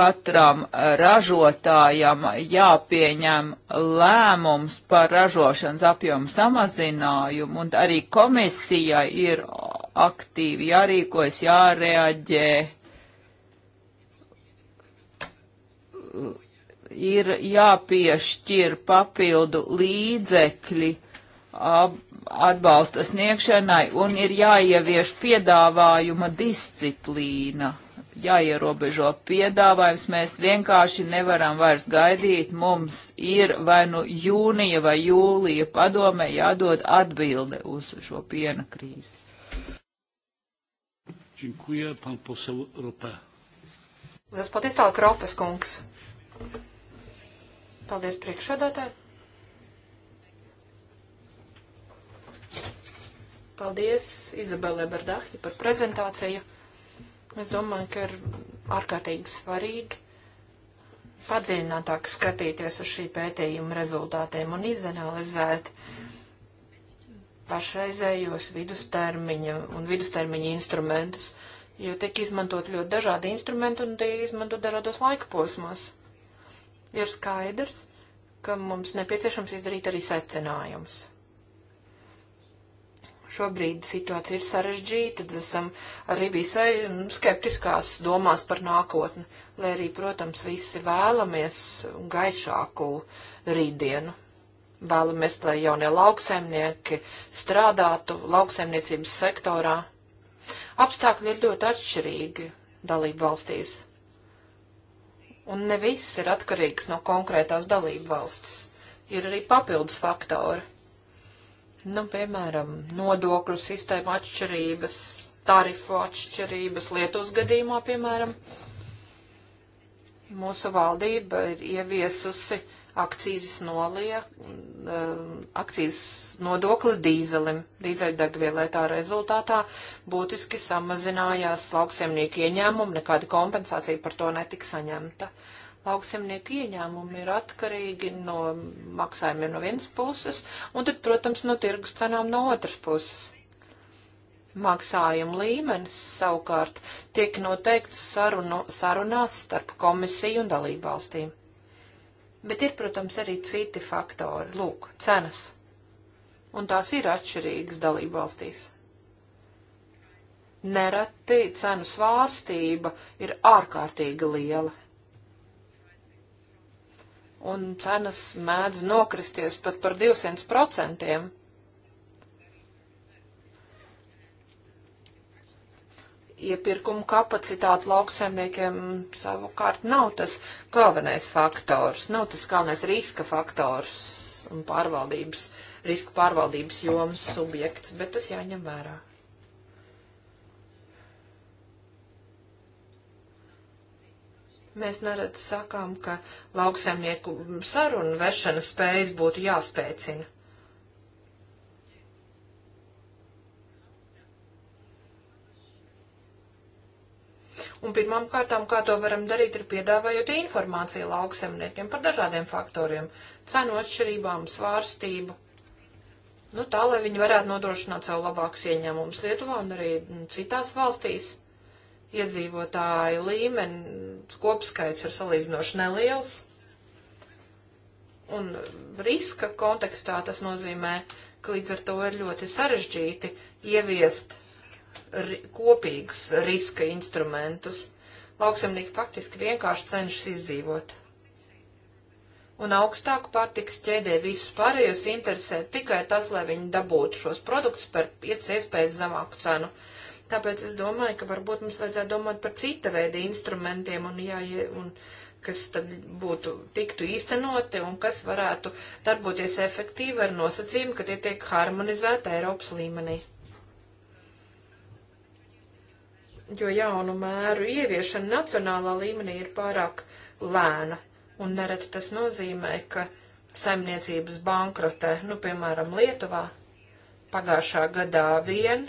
katram ražotājam jāpieņem lēmums par ražošanas apjomu samazinājumu, un arī komisijai ir aktīvi jārīkojas, jāreaģē. Ir jāpiešķir papildu līdzekļi atbalsta sniegšanai un ir jāievieš piedāvājuma disciplīna. Jāierobežo piedāvājums, mēs vienkārši nevaram vairs gaidīt, mums ir vai nu jūnija vai jūlija padome jādod atbilde uz šo piena krīzi. Dziękuję, pan poseł Ropē. Lielas paldies tālāk, Ropes kungs. Paldies priekšsēdētāji. Paldies Izabelē Berdahī par prezentāciju. Es domāju, ka ir ārkārtīgi svarīgi padziļinātāk skatīties uz šī pētījuma rezultātiem un izanalizēt uh, pašreizējos vidustermiņa un vidustermiņa instrumentus, jo tiek izmantot ļoti dažādi instrumenti un tie izmanto dažādos laika posmos. Ir skaidrs, ka mums nepieciešams izdarīt arī secinājumus. Šobrīd situācija ir sarežģīta, tad esam arī visai nu, skeptiskās domās par nākotni, lai arī, protams, visi vēlamies gaišāku rītdienu. Vēlamies, lai jaunie lauksaimnieki strādātu lauksaimniecības sektorā. Apstākļi ir ļoti atšķirīgi dalību valstīs, un ne viss ir atkarīgs no konkrētās dalību valstis. Ir arī papildus faktori. Nu, piemēram, nodokļu sistēma atšķirības, tarifu atšķirības Lietuvas gadījumā, piemēram, mūsu valdība ir ieviesusi uh, akcijas noliek, um, akcijas nodokli dīzelim, dīzeļdegvielai. Tā rezultātā būtiski samazinājās lauksemnieku ieņēmumi, nekāda kompensācija par to netika saņemta. Lauksemnieku ieņēmumi ir atkarīgi no maksājumiem no vienas puses, un tad, protams, no tirgus cenām no otras puses. Maksājuma līmenis savukārt tiek noteikts sarunu, sarunās starp komisiju un dalībvalstīm. Bet ir, protams, arī citi faktori. Lūk, cenas. Un tās ir atšķirīgas dalību valstīs. Nereti cenu svārstība ir ārkārtīgi liela. Un cenas mēdz nokristies pat par 200%. iepirkumu kapacitāte lauksaimniekiem savukārt nav tas galvenais faktors, nav tas galvenais riska faktors un pārvaldības, riska pārvaldības jomas subjekts, bet tas jāņem vērā. Mēs neredz sakām, ka lauksaimnieku sarunu vešanas spējas būtu jāspēcina. Un pirmām kārtām, kā to varam darīt, ir piedāvājot informāciju lauksemniekiem par dažādiem faktoriem - cenu atšķirībām, svārstību. Nu, tā, lai viņi varētu nodrošināt sev labākus ieņēmumus Lietuvā un arī mm, citās valstīs. Iedzīvotāju līmenis mm, kopskaits ir salīdzinoši neliels. Un riska kontekstā tas nozīmē, ka līdz ar to ir ļoti sarežģīti ieviest ri, kopīgus riska instrumentus. Lauksemnieki faktiski vienkārši cenšas izdzīvot. Un augstāk pārtikas ķēdē visus pārējos interesē tikai tas, lai viņi dabūtu šos produktus par iespējas zemāku cenu. Tāpēc es domāju, ka varbūt mums vajadzētu domāt par cita veida instrumentiem un, jā, un kas tad būtu tiktu īstenoti un kas varētu darboties efektīvi ar nosacījumu, ka tie tiek harmonizēti Eiropas līmenī. jo jaunu mēru ieviešana nacionālā līmenī ir pārāk lēna, un nereti tas nozīmē, ka saimniecības bankrotē, nu, piemēram, Lietuvā pagājušā gadā vien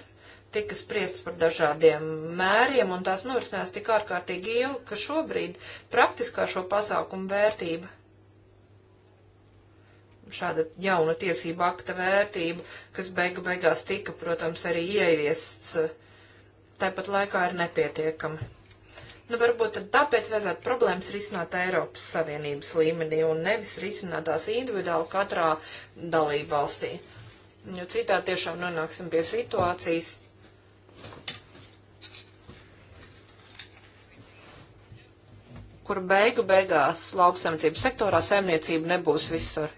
tika spriests par dažādiem mēriem, un tās norisinās tik ārkārtīgi ilgi, ka šobrīd praktiskā šo pasākumu vērtība šāda jauna tiesība akta vērtība, kas beigu beigās tika, protams, arī ieviests uh, tāpat laikā ir nepietiekami. Nu, varbūt tāpēc vajadzētu problēmas risināt Eiropas Savienības līmenī un nevis risināt tās individuāli katrā dalību valstī. Jo citā tiešām nonāksim pie situācijas. kur beigu beigās lauksaimniecības sektorā saimniecība nebūs visur.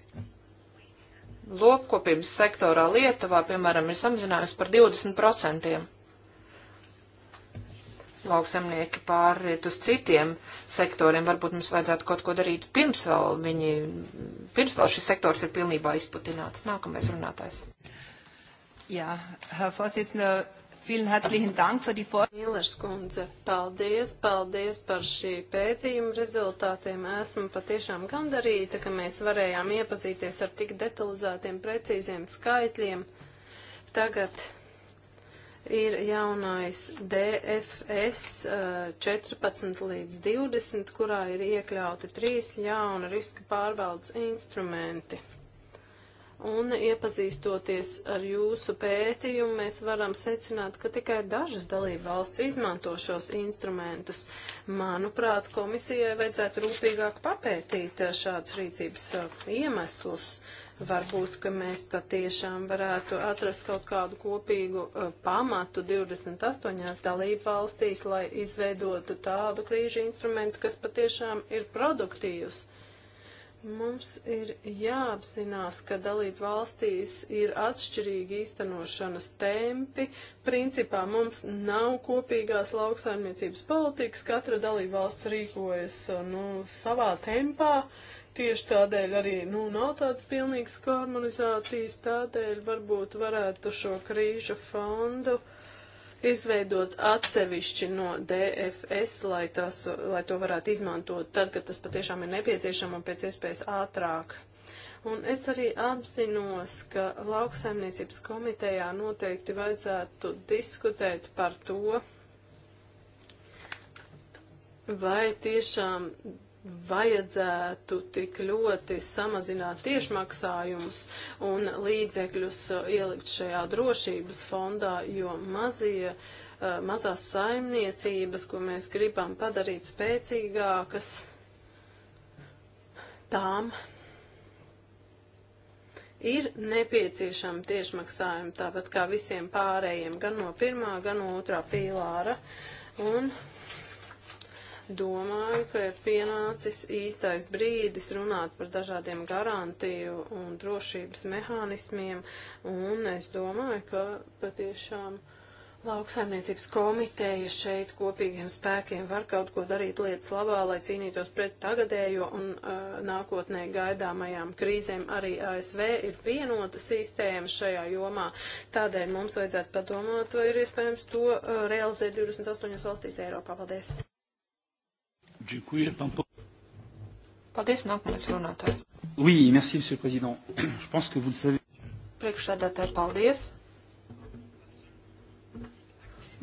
Lopkopības sektorā Lietuvā, piemēram, ir samazinājusi par 20% lauksemnieki pāriet uz citiem sektoriem. Varbūt mums vajadzētu kaut ko darīt pirms vēl viņi, pirms vēl šis sektors ir pilnībā izputināts. Nākamais runātājs. Jā, Herr Vorsitzende, vielen herzlichen Dank für die Vor... Mīlers kundze, paldies, paldies par šī pētījuma rezultātiem. Esmu patiešām gandarīta, ka mēs varējām iepazīties ar tik detalizētiem, precīziem skaitļiem. Tagad ir jaunais DFS 14 eh, līdz 20, kurā ir iekļauti trīs jauna riska pārvaldes instrumenti. Un iepazīstoties ar jūsu pētījumu, mēs varam secināt, ka tikai dažas dalība valsts izmanto šos instrumentus. Manuprāt, komisijai vajadzētu rūpīgāk papētīt eh, šādas rīcības eh, iemeslus. Uh, Varbūt, ka mēs patiešām varētu atrast kaut kādu kopīgu uh, pamatu 28 dalību valstīs, lai izveidotu tādu krīžu instrumentu, kas patiešām ir produktīvs. Mums ir jāapzinās, ka dalību valstīs ir atšķirīgi īstenošanas tempi. Principā mums nav kopīgās lauksaimniecības politikas, katra dalību valsts rīkojas uh, nu, savā tempā. Uh, Tieši tādēļ arī nu, nav tādas pilnīgas harmonizācijas, tādēļ varbūt varētu šo krīžu fondu izveidot atsevišķi no DFS, lai, tas, lai to varētu izmantot tad, kad tas patiešām ir nepieciešams un pēc iespējas ātrāk. Un es arī apzinos, ka lauksaimniecības komitejā noteikti vajadzētu diskutēt par to, vai tiešām vajadzētu tik ļoti samazināt tiešmaksājumus un līdzekļus uh, ielikt šajā drošības fondā, jo mazie, uh, mazās saimniecības, ko mēs gribam padarīt spēcīgākas, tām ir nepieciešama tiešmaksājuma, tāpat kā visiem pārējiem, gan no pirmā, gan no otrā pīlāra. Un Domāju, ka ir pienācis īstais brīdis runāt par dažādiem garantiju un drošības mehānismiem, un es domāju, ka patiešām lauksaimniecības komiteja šeit kopīgiem spēkiem var kaut ko darīt lietas labā, lai cīnītos pret tagadējo un uh, nākotnē gaidāmajām krīzēm. Arī ASV ir vienota sistēma šajā jomā, tādēļ mums vajadzētu padomāt, vai ir iespējams to uh, realizēt 28 valstīs Eiropā. Paldies! Paldies, nākamais runātājs. Oui, merci, monsieur le président. Je pense que vous le savez. Priekšsēdētāji, paldies.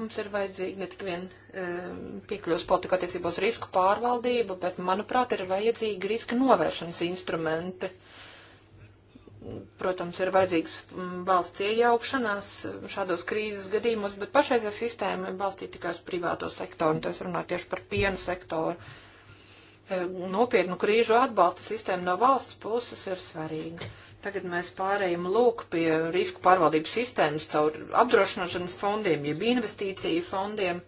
Mums ir vajadzīga ne tik vien um, piekļūst politika attiecībos risku pārvaldību, bet, manuprāt, ir vajadzīgi riska novēršanas instrumenti. Uh, protams, ir vajadzīgs mm, valsts iejaukšanās šādos krīzes gadījumos, bet pašreizējā sistēma ir balstīta tikai uz privāto sektoru, un tas runā tieši par piena sektoru. E, nopietnu krīžu atbalsta sistēma no valsts puses ir svarīga. Tagad mēs pārējām lūk pie risku pārvaldības sistēmas caur apdrošināšanas fondiem, jeb investīciju fondiem.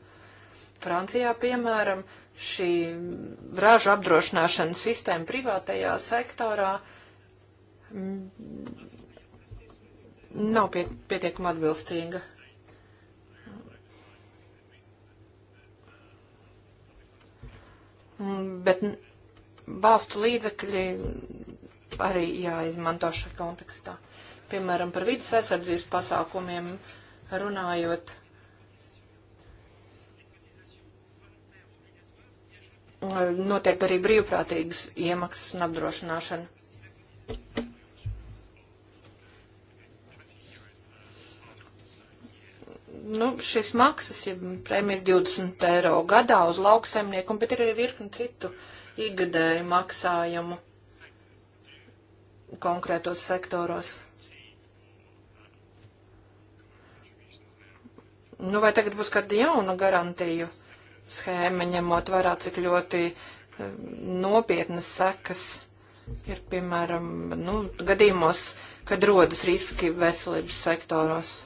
Francijā, piemēram, šī ražu apdrošināšanas sistēma privātajā sektorā uh, nav pie, pietiekami atbilstīga. Mm, bet valstu līdzekļi arī jāizmanto šajā kontekstā. Piemēram, par vidas aizsardzības pasākumiem runājot. Notiek arī brīvprātīgas iemaksas un apdrošināšana. nu, šis maksas, ja prēmijas 20 eiro gadā uz lauksaimnieku, bet ir arī virkni citu igadēju maksājumu konkrētos sektoros. Nu, vai tagad būs kāda jauna garantiju schēma, ņemot vērā, cik ļoti eh, nopietnas sekas ir, piemēram, nu, gadījumos, kad rodas riski veselības sektoros?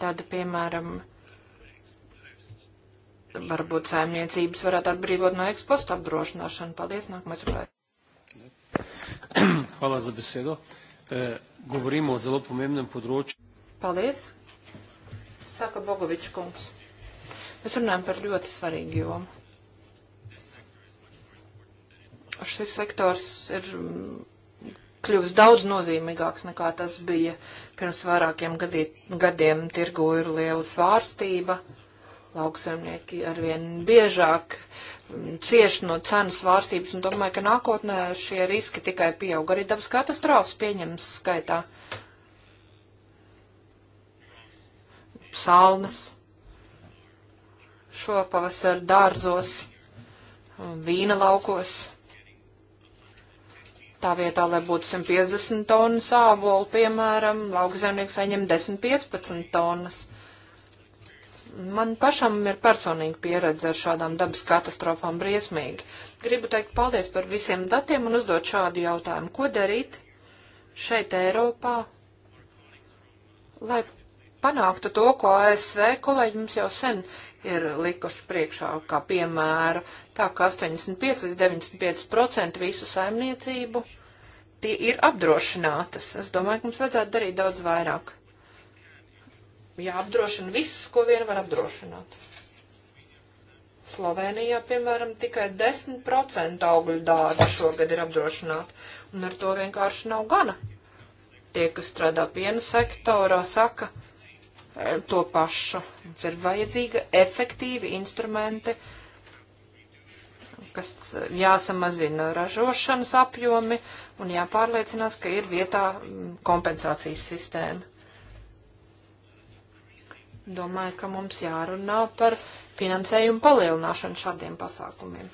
Tāda, piemēram, varbūt saimniecības varētu atbrīvot no eksposta apdrošināšana. Paldies, nākamais runāt. Hvala za besedo. E, govorimo o zelo pomembnem področju. Paldies. Saka Bogovičs kungs. Mēs runājam par ļoti svarīgu jomu. Šis sektors ir kļuvis daudz nozīmīgāks nekā tas bija pirms vairākiem gadī, gadiem. Tirgu ir liela svārstība, lauksaimnieki arvien biežāk mm, cieši no cenu svārstības, un domāju, ka nākotnē šie riski tikai pieaug. Arī dabas katastrofas pieņems skaitā. Salnas šopavasar dārzos, vīna laukos. Tā vietā, lai būtu 150 tonnas ābolu, piemēram, lauksaimnieks saņem 10-15 tonnas. Man pašam ir personīga pieredze ar šādām dabas katastrofām briesmīgi. Gribu teikt paldies par visiem datiem un uzdot šādu jautājumu. Ko darīt šeit Eiropā, lai panāktu to, ko ASV kolēģi mums jau sen ir likuši priekšā kā piemēru, tā ka 85 līdz 95% visu saimniecību tie ir apdrošinātas. Es domāju, ka mums vajadzētu darīt daudz vairāk. Jāapdrošina viss, ko vien var apdrošināt. Slovenijā, piemēram, tikai 10% augļu dārza šogad ir apdrošināta, un ar to vienkārši nav gana. Tie, kas strādā piena sektorā, saka, ka to pašu. Mums ir vajadzīga efektīvi instrumenti, kas jāsamazina ražošanas apjomi un jāpārliecinās, ka ir vietā mm, kompensācijas sistēma. Domāju, ka mums jārunā par finansējumu palielināšanu šādiem pasākumiem.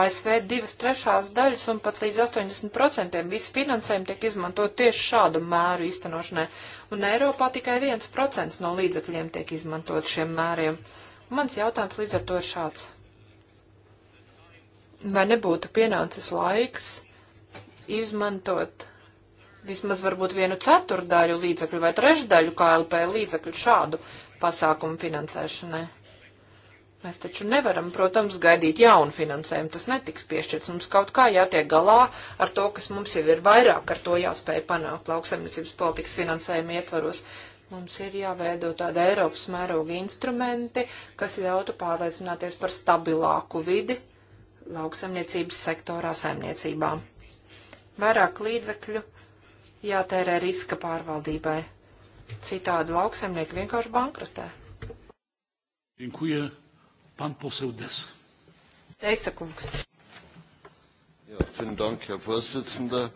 ASV divas trešās daļas un pat līdz 80% visu finansējumu tiek izmantot tieši šādu mēru īstenošanai un Eiropā tikai 1% no līdzekļiem tiek izmantot šiem mēriem. Mans jautājums līdz ar to ir šāds. Vai nebūtu pienācis laiks izmantot vismaz varbūt vienu ceturdaļu līdzekļu vai trešdaļu KLP līdzekļu šādu pasākumu finansēšanai? Mēs taču nevaram, protams, gaidīt jaunu finansējumu. Tas netiks piešķirts. Mums kaut kā jātiek galā ar to, kas mums jau ir vairāk, ar to jāspēj panākt lauksaimniecības politikas finansējuma ietvaros. Mums ir jāveido tāda Eiropas mēroga instrumenti, kas ļautu pārliecināties par stabilāku vidi lauksaimniecības sektorā saimniecībām. Vairāk līdzekļu jātērē riska pārvaldībai. Citādi lauksaimnieki vienkārši bankrotē. Dziękuję. Pan poseł Des. Deisa kungs. Ja, vielen Dank, Herr Vorsitzender.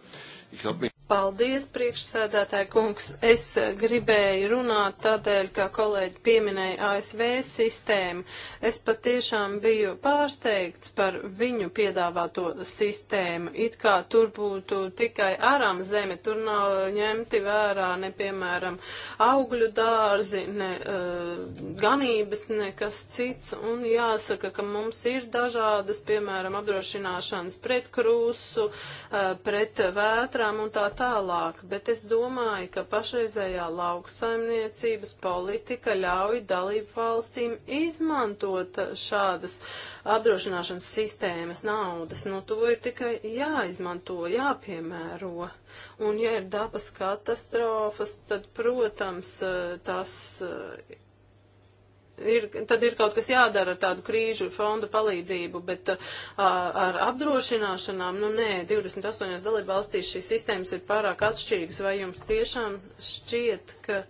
Ich habe mich Paldies, priekšsēdētāji kungs. Es gribēju runāt tādēļ, kā kolēģi pieminēja ASV sistēmu. Es patiešām biju pārsteigts par viņu piedāvāto sistēmu. It kā tur būtu tikai ārām zeme, tur nav ņemti vērā ne, piemēram, augļu dārzi, ne uh, ganības, nekas cits. Un jāsaka, ka mums ir dažādas, piemēram, apdrošināšanas pret krūsu, uh, pret vētrām un tā tālāk, bet es domāju, ka pašreizējā lauksaimniecības politika ļauj dalību valstīm izmantot šādas apdrošināšanas sistēmas naudas. Nu, to ir tikai jāizmanto, jāpiemēro. Un, ja ir dabas katastrofas, tad, protams, tas ir, tad ir kaut kas jādara ar tādu krīžu fondu palīdzību, bet uh, ar apdrošināšanām, nu nē, 28 dalība valstīs šīs sistēmas ir pārāk atšķirīgas. Vai jums tiešām šķiet, ka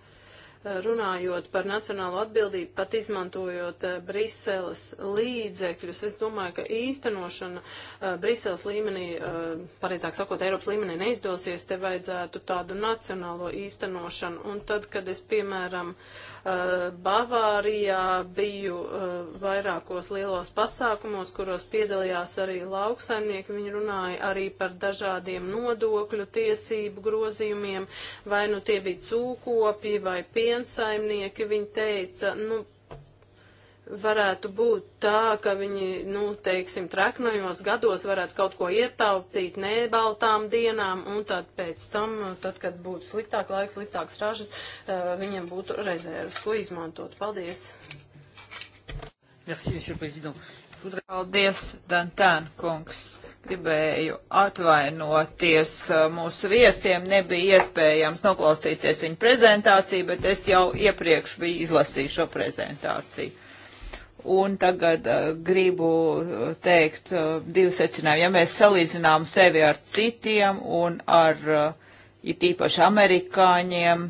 runājot par nacionālo atbildību, pat izmantojot uh, Briseles līdzekļus, es domāju, ka īstenošana uh, Briseles līmenī, uh, pareizāk sakot, Eiropas līmenī neizdosies, te vajadzētu tādu nacionālo īstenošanu. Un tad, kad es, piemēram, uh, Eh, Bavārijā, biju eh, vairākos lielos pasākumos, kuros piedalījās arī lauksaimnieki. Viņi runāja arī par dažādiem nodokļu tiesību grozījumiem, vai nu tie bija cūkopji vai piensaimnieki. Viņi teica, nu, varētu būt tā, ka viņi, nu, teiksim, traknajos gados varētu kaut ko ietaupīt nebaltām dienām, un tad pēc tam, tad, kad būtu sliktāk laiks, sliktāks ražas, eh, viņiem būtu rezervas, ko izmantot. Paldies! Merci, monsieur président. Paldies, Dantān kungs. Gribēju atvainoties eh, mūsu viesiem, nebija iespējams noklausīties viņu prezentāciju, bet es jau iepriekš biju izlasījušo prezentāciju. Un tagad uh, gribu uh, teikt uh, divu secinājumu. Ja mēs salīdzinām sevi ar citiem un ar, uh, it īpaši amerikāņiem,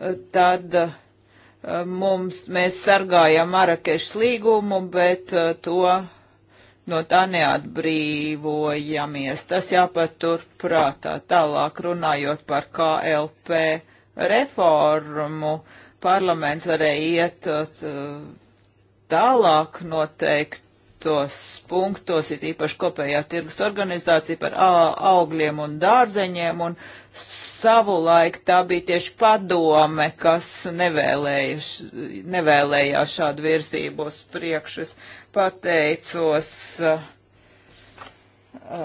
uh, tad uh, mums, mēs sargājam Marakešas līgumu, bet uh, to no tā neatbrīvojamies. Tas jāpatur prātā. Tālāk runājot par KLP reformu, parlaments varēja iet. Uh, tālāk noteiktos punktos, ir īpaši kopējā tirgus organizācija par augļiem un dārzeņiem, un savulaik tā bija tieši padome, kas nevēlējās šādu virzību uz priekšu. Es pateicos. Uh,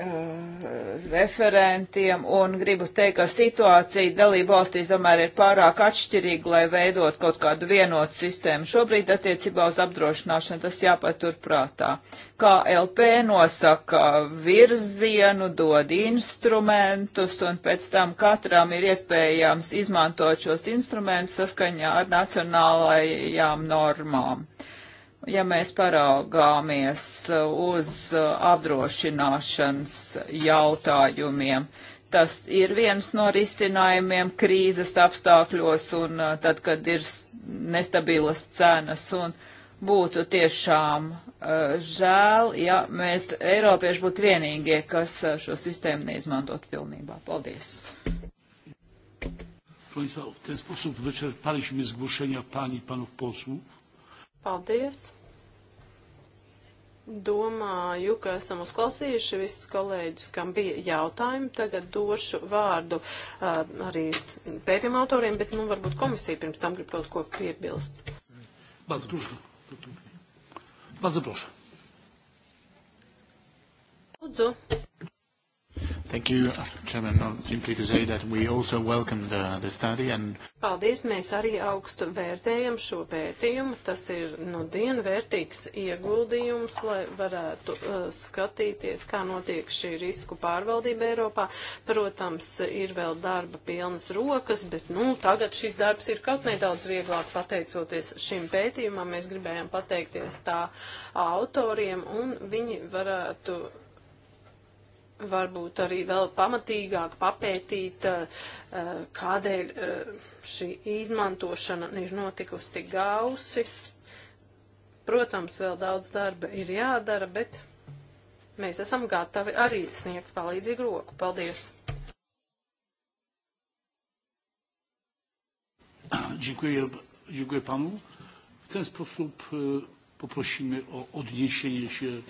Eh, referentiem un gribu teikt, ka situācija dalību valstīs tomēr ir pārāk atšķirīga, lai veidot kaut kādu vienotu sistēmu. Šobrīd attiecībā uz apdrošināšanu tas jāpatur prātā. KLP nosaka virzienu, dod instrumentus un pēc tam katram ir iespējams izmantot šos instrumentus saskaņā ar nacionālajām normām. Uh, ja mēs paraugāmies uh, uz uh, apdrošināšanas jautājumiem. Tas ir viens no risinājumiem krīzes apstākļos un uh, tad, kad ir nestabilas cenas un būtu tiešām uh, žēl, ja mēs Eiropieši būtu vienīgie, kas šo sistēmu neizmantot pilnībā. Paldies! Proszę Państwa, w ten sposób wyczerpaliśmy zgłoszenia pani i panów posłów. Paldies! Domāju, ka esam uzklausījuši visus kolēģus, kam bija jautājumi. Tagad došu vārdu uh, arī pētījuma autoriem, bet nu, varbūt komisija pirms tam grib kaut ko piebilst. Lūdzu. Thank you, uh, Chairman. No, simply to say that we also welcome the, the study and... Paldies, mēs arī augstu vērtējam šo pētījumu. Tas ir nu dienu vērtīgs ieguldījums, lai varētu uh, skatīties, kā notiek šī risku pārvaldība Eiropā. Protams, ir vēl darba pilnas rokas, bet nu tagad šis darbs ir kaut nedaudz vieglāk pateicoties šim pētījumam. Mēs gribējām pateikties tā autoriem un viņi varētu varbūt arī vēl pamatīgāk papētīt, eh, eh, kādēļ eh, šī izmantošana ir notikusi tik gausi. Protams, vēl daudz darba ir jādara, bet mēs esam gatavi arī sniegt palīdzīgu roku. Paldies! Ah, dziękuję, dziękuję panu. W ten sposób e, poprosimy o odniesienie się.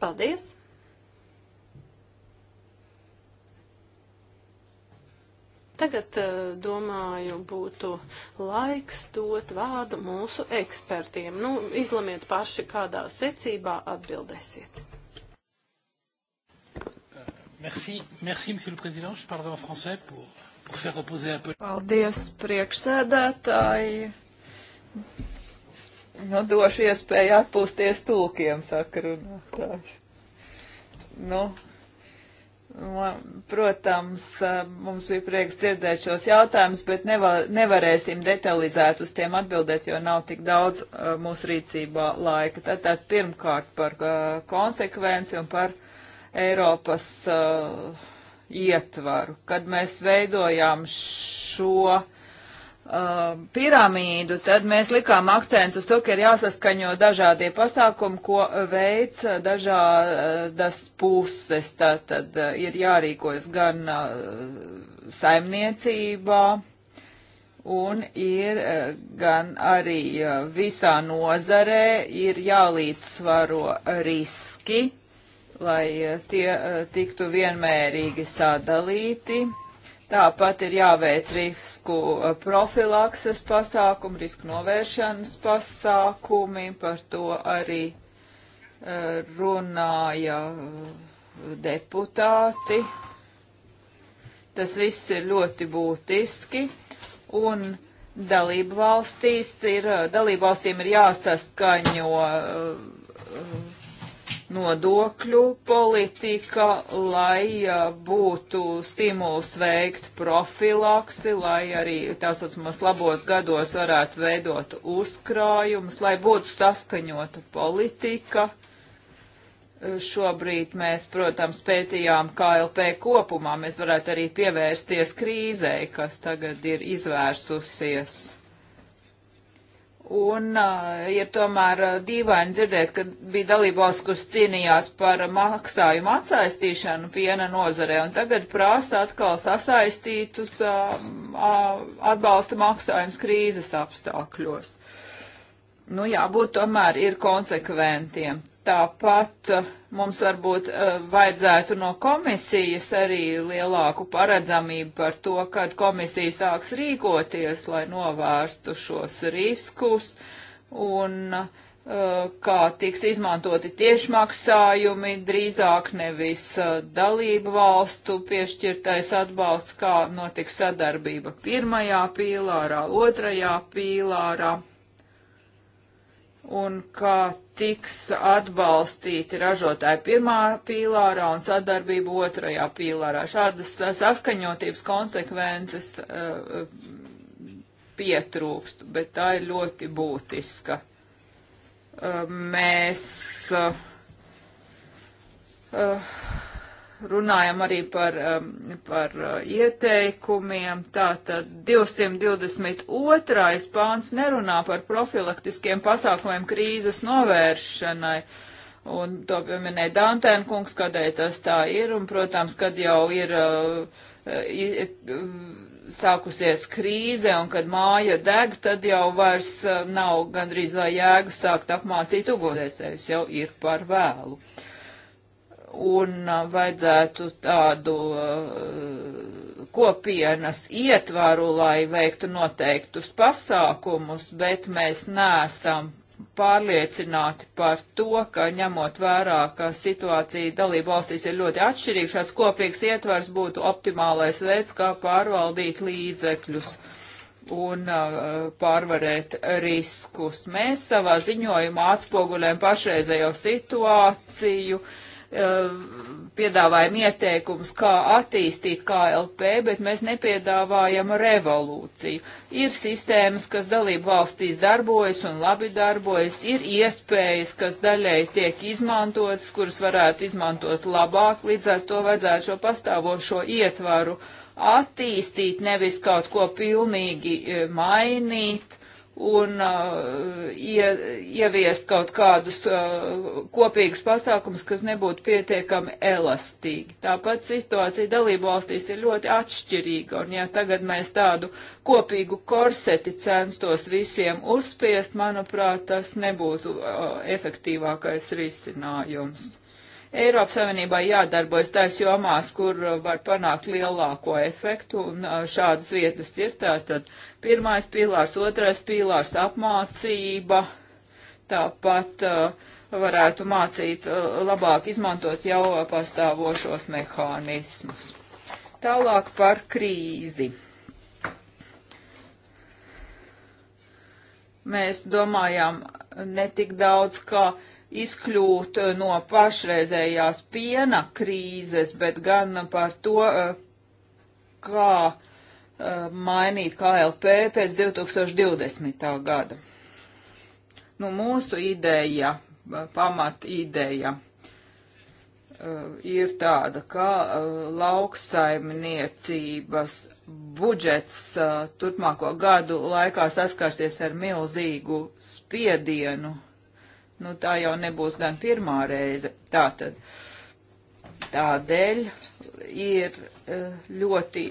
Paldies. Tagad eh, domāju, būtu laiks dot vārdu mūsu ekspertiem. Nu, izlemiet paši, kādā secībā atbildēsiet. Merci, merci, monsieur le président. Je parlerai en français pour, pour faire reposer un peu. Paldies, priekšsēdētāji. Nu, došu iespēju atpūsties tulkiem, saka runātājs. Nu, Protams, mums bija prieks dzirdēt šos jautājumus, bet nevar, nevarēsim detalizēt uz tiem atbildēt, jo nav tik daudz mūsu rīcībā laika. Tātad pirmkārt par konsekvenci un par Eiropas uh, ietvaru. Kad mēs veidojām šo uh, Um, piramīdu, tad mēs likām akcentu uz to, ka ir jāsaskaņo dažādie pasākumi, ko veic dažādas puses. Tātad uh, ir jārīkojas gan uh, saimniecībā, un ir uh, gan arī visā nozarē ir jālīdzsvaro riski, lai tie tiktu vienmērīgi sadalīti Tāpat ir jāveic risku uh, profilakses pasākumi, risku novēršanas pasākumi, par to arī uh, runāja uh, deputāti. Tas viss ir ļoti būtiski un dalību valstīs ir, dalību valstīm ir jāsaskaņo uh, nodokļu politika, lai būtu stimuls veikt profilaksi, lai arī tā saucamās labos gados varētu veidot uzkrājumus, lai būtu saskaņota politika. Šobrīd mēs, protams, pētījām KLP kopumā, mēs varētu arī pievērsties krīzei, kas tagad ir izvērsusies. Un uh, ir tomēr uh, dīvaini dzirdēt, ka bija dalībvalsts, kuras cīnījās par maksājumu atsaistīšanu piena nozarē, un tagad prasa atkal sasaistīt uz uh, atbalsta maksājums krīzes apstākļos. Uh, nu, jābūt tomēr ir konsekventiem. Tāpat eh, mums varbūt eh, vajadzētu no komisijas arī lielāku paredzamību par to, kad komisija sāks rīkoties, lai novērstu šos riskus un eh, kā tiks izmantoti tiešmaksājumi, drīzāk nevis dalību valstu piešķirtais atbalsts, kā notiks sadarbība pirmajā pīlārā, otrajā pīlārā un kā tiks atbalstīti ražotāji pirmā pīlārā un sadarbība otrajā pīlārā. Šādas saskaņotības konsekvences uh, pietrūkst, bet tā ir ļoti būtiska. Uh, mēs uh, runājam arī par, um, par uh, ieteikumiem. Tātad 222. pāns nerunā par profilaktiskiem pasākumiem krīzes novēršanai. Un to pieminēja Dantēna kungs, kādēļ tas tā ir. Un, protams, kad jau ir uh, sākusies krīze un kad māja deg, tad jau vairs uh, nav gandrīz vai jēga sākt apmācīt ugunsdzēsējus, jau ir par vēlu. Uh, un uh, vajadzētu tādu uh, kopienas ietvaru, lai veiktu noteiktus pasākumus, bet mēs neesam pārliecināti par to, ka ņemot vērā, ka situācija dalību valstīs ir ļoti atšķirīga, šāds kopīgs ietvars būtu optimālais veids, kā pārvaldīt līdzekļus un uh, pārvarēt riskus. Mēs savā ziņojumā atspoguļējam pašreizējo situāciju, uh, Eh, piedāvājam ieteikumus, kā attīstīt KLP, bet mēs nepiedāvājam revolūciju. Ir sistēmas, kas dalību valstīs darbojas un labi darbojas, ir iespējas, kas daļai tiek izmantotas, kuras varētu izmantot labāk, līdz ar to vajadzētu šo pastāvošo ietvaru attīstīt, nevis kaut ko pilnīgi eh, mainīt un uh, ie, ieviest kaut kādus uh, kopīgus pasākumus, kas nebūtu pietiekami elastīgi. Tāpat situācija dalību valstīs ir ļoti atšķirīga, un ja tagad mēs tādu kopīgu korseti censtos visiem uzspiest, manuprāt, tas nebūtu uh, efektīvākais risinājums. Eiropas Savienībā jādarbojas tais jomās, kur uh, var panākt lielāko efektu, un uh, šādas vietas ir tātad pirmais pīlārs, otrais pīlārs apmācība, tāpat uh, varētu mācīt uh, labāk izmantot jau pastāvošos mehānismus. Tālāk par krīzi. Mēs domājām ne tik daudz, kā uh, izkļūt eh, no pašreizējās piena krīzes, bet gan par to, eh, kā eh, mainīt KLP pēc 2020. gada. Nu, mūsu ideja, pamat ideja ir tāda, ka lauksaimniecības budžets turpmāko gadu laikā saskarsies ar milzīgu spiedienu nu tā jau nebūs gan pirmā reize. Tātad tādēļ ir e, ļoti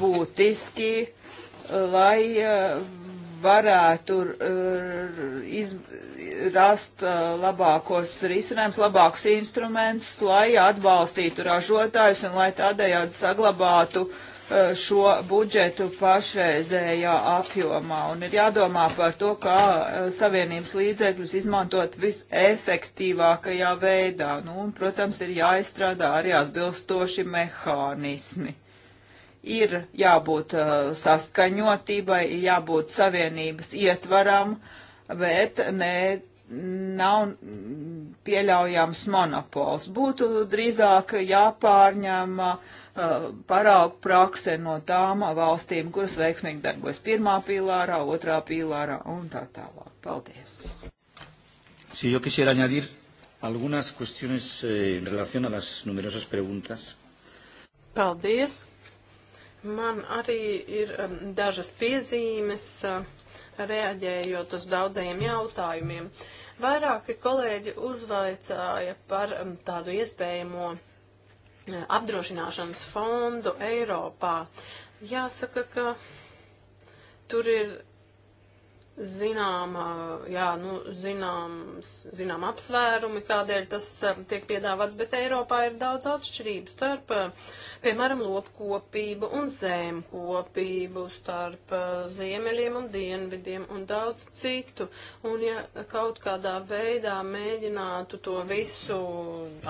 būtiski, e, lai e, varētu rast labākos risinājumus, labākus instrumentus, lai atbalstītu ražotājus un lai tādējādi saglabātu uh, E, šo budžetu pašreizējā apjomā. Un ir jādomā par to, kā e, savienības līdzekļus izmantot visefektīvākajā veidā. Nu, un, protams, ir jāizstrādā arī atbilstoši mehānismi. Ir jābūt uh, saskaņotībai, jābūt savienības ietvaram, bet ne nav pieļaujams monopols. Būtu drīzāk jāpārņem uh, paraugu prakse no tām valstīm, kuras veiksmīgi darbojas pirmā pīlārā, otrā pīlārā un tā tālāk. Paldies. Si yo quisiera añadir algunas cuestiones eh, en relación a las numerosas preguntas. Paldies. Man arī ir um, dažas piezīmes. Uh, reaģējot uz daudzajiem jautājumiem. Vairāki kolēģi uzvaicāja par um, tādu iespējamo uh, apdrošināšanas fondu Eiropā. Jāsaka, ka tur ir zinām, jā, nu, zināms, zinām apsvērumi, kādēļ tas eh, tiek piedāvāts, bet Eiropā ir daudz atšķirību starp, eh, piemēram, lopkopību un zemkopību, starp eh, ziemeļiem un dienvidiem un daudz citu. Un ja kaut kādā veidā mēģinātu to visu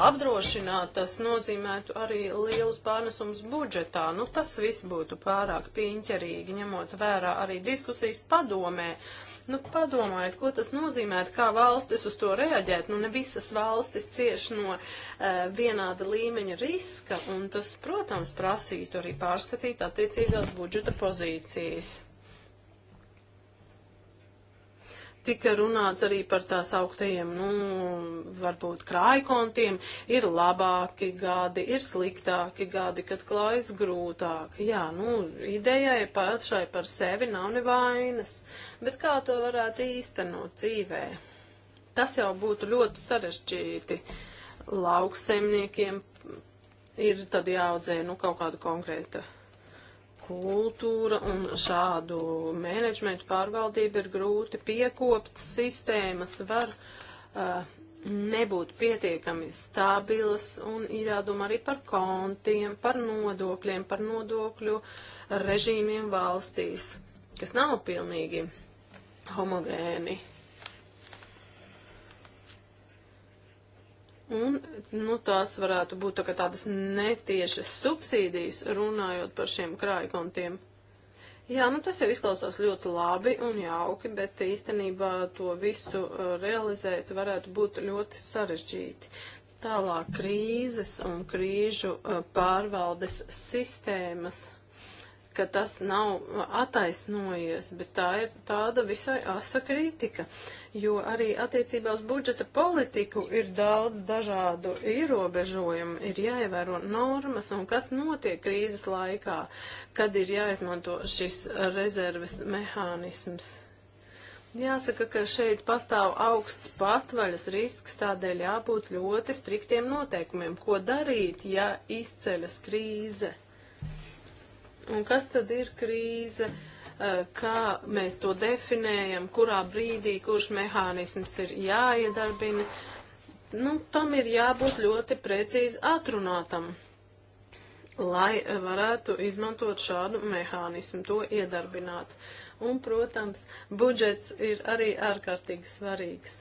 apdrošināt, tas nozīmētu arī lielus pārnesumus budžetā. Nu, tas viss būtu pārāk pieņķerīgi, ņemot vērā arī diskusijas padomē Nu, padomājiet, ko tas nozīmē, kā valstis uz to reaģēt. Nu, ne visas valstis cieš no uh, vienāda līmeņa riska, un tas, protams, prasītu arī pārskatīt attiecīgās budžeta pozīcijas. tika runāts arī par tās augtajiem, nu, varbūt krājkontiem, ir labāki gadi, ir sliktāki gadi, kad klājas grūtāk. Jā, nu, idejai pašai par sevi nav nevainas, bet kā to varētu īstenot dzīvē? Tas jau būtu ļoti sarežģīti lauksemniekiem, ir tad jāaudzē, nu, kaut kāda konkrēta kultūra un šādu menedžmentu pārvaldību ir grūti piekopt, sistēmas var uh, nebūt pietiekami stabilas un ir jādomā arī par kontiem, par nodokļiem, par nodokļu režīmiem valstīs, kas nav pilnīgi homogēni. Un nu, tās varētu būt tā tādas netiešas subsīdijas, runājot par šiem krājkontiem. Jā, nu tas jau izklausās ļoti labi un jauki, bet īstenībā to visu uh, realizēt varētu būt ļoti sarežģīti. Tālāk krīzes un krīžu uh, pārvaldes sistēmas ka tas nav attaisnojies, bet tā ir tāda visai asa kritika, jo arī attiecībā uz budžeta politiku ir daudz dažādu ierobežojumu, ir jāievēro normas un kas notiek krīzes laikā, kad ir jāizmanto šis rezerves mehānisms. Jāsaka, ka šeit pastāv augsts patvaļas risks, tādēļ jābūt ļoti striktiem noteikumiem, ko darīt, ja izceļas krīze. Un kas tad ir krīze? Kā mēs to definējam, kurā brīdī, kurš mehānisms ir jāiedarbina, nu, tam ir jābūt ļoti precīzi atrunātam, lai varētu izmantot šādu mehānismu, to iedarbināt. Un, protams, budžets ir arī ārkārtīgi svarīgs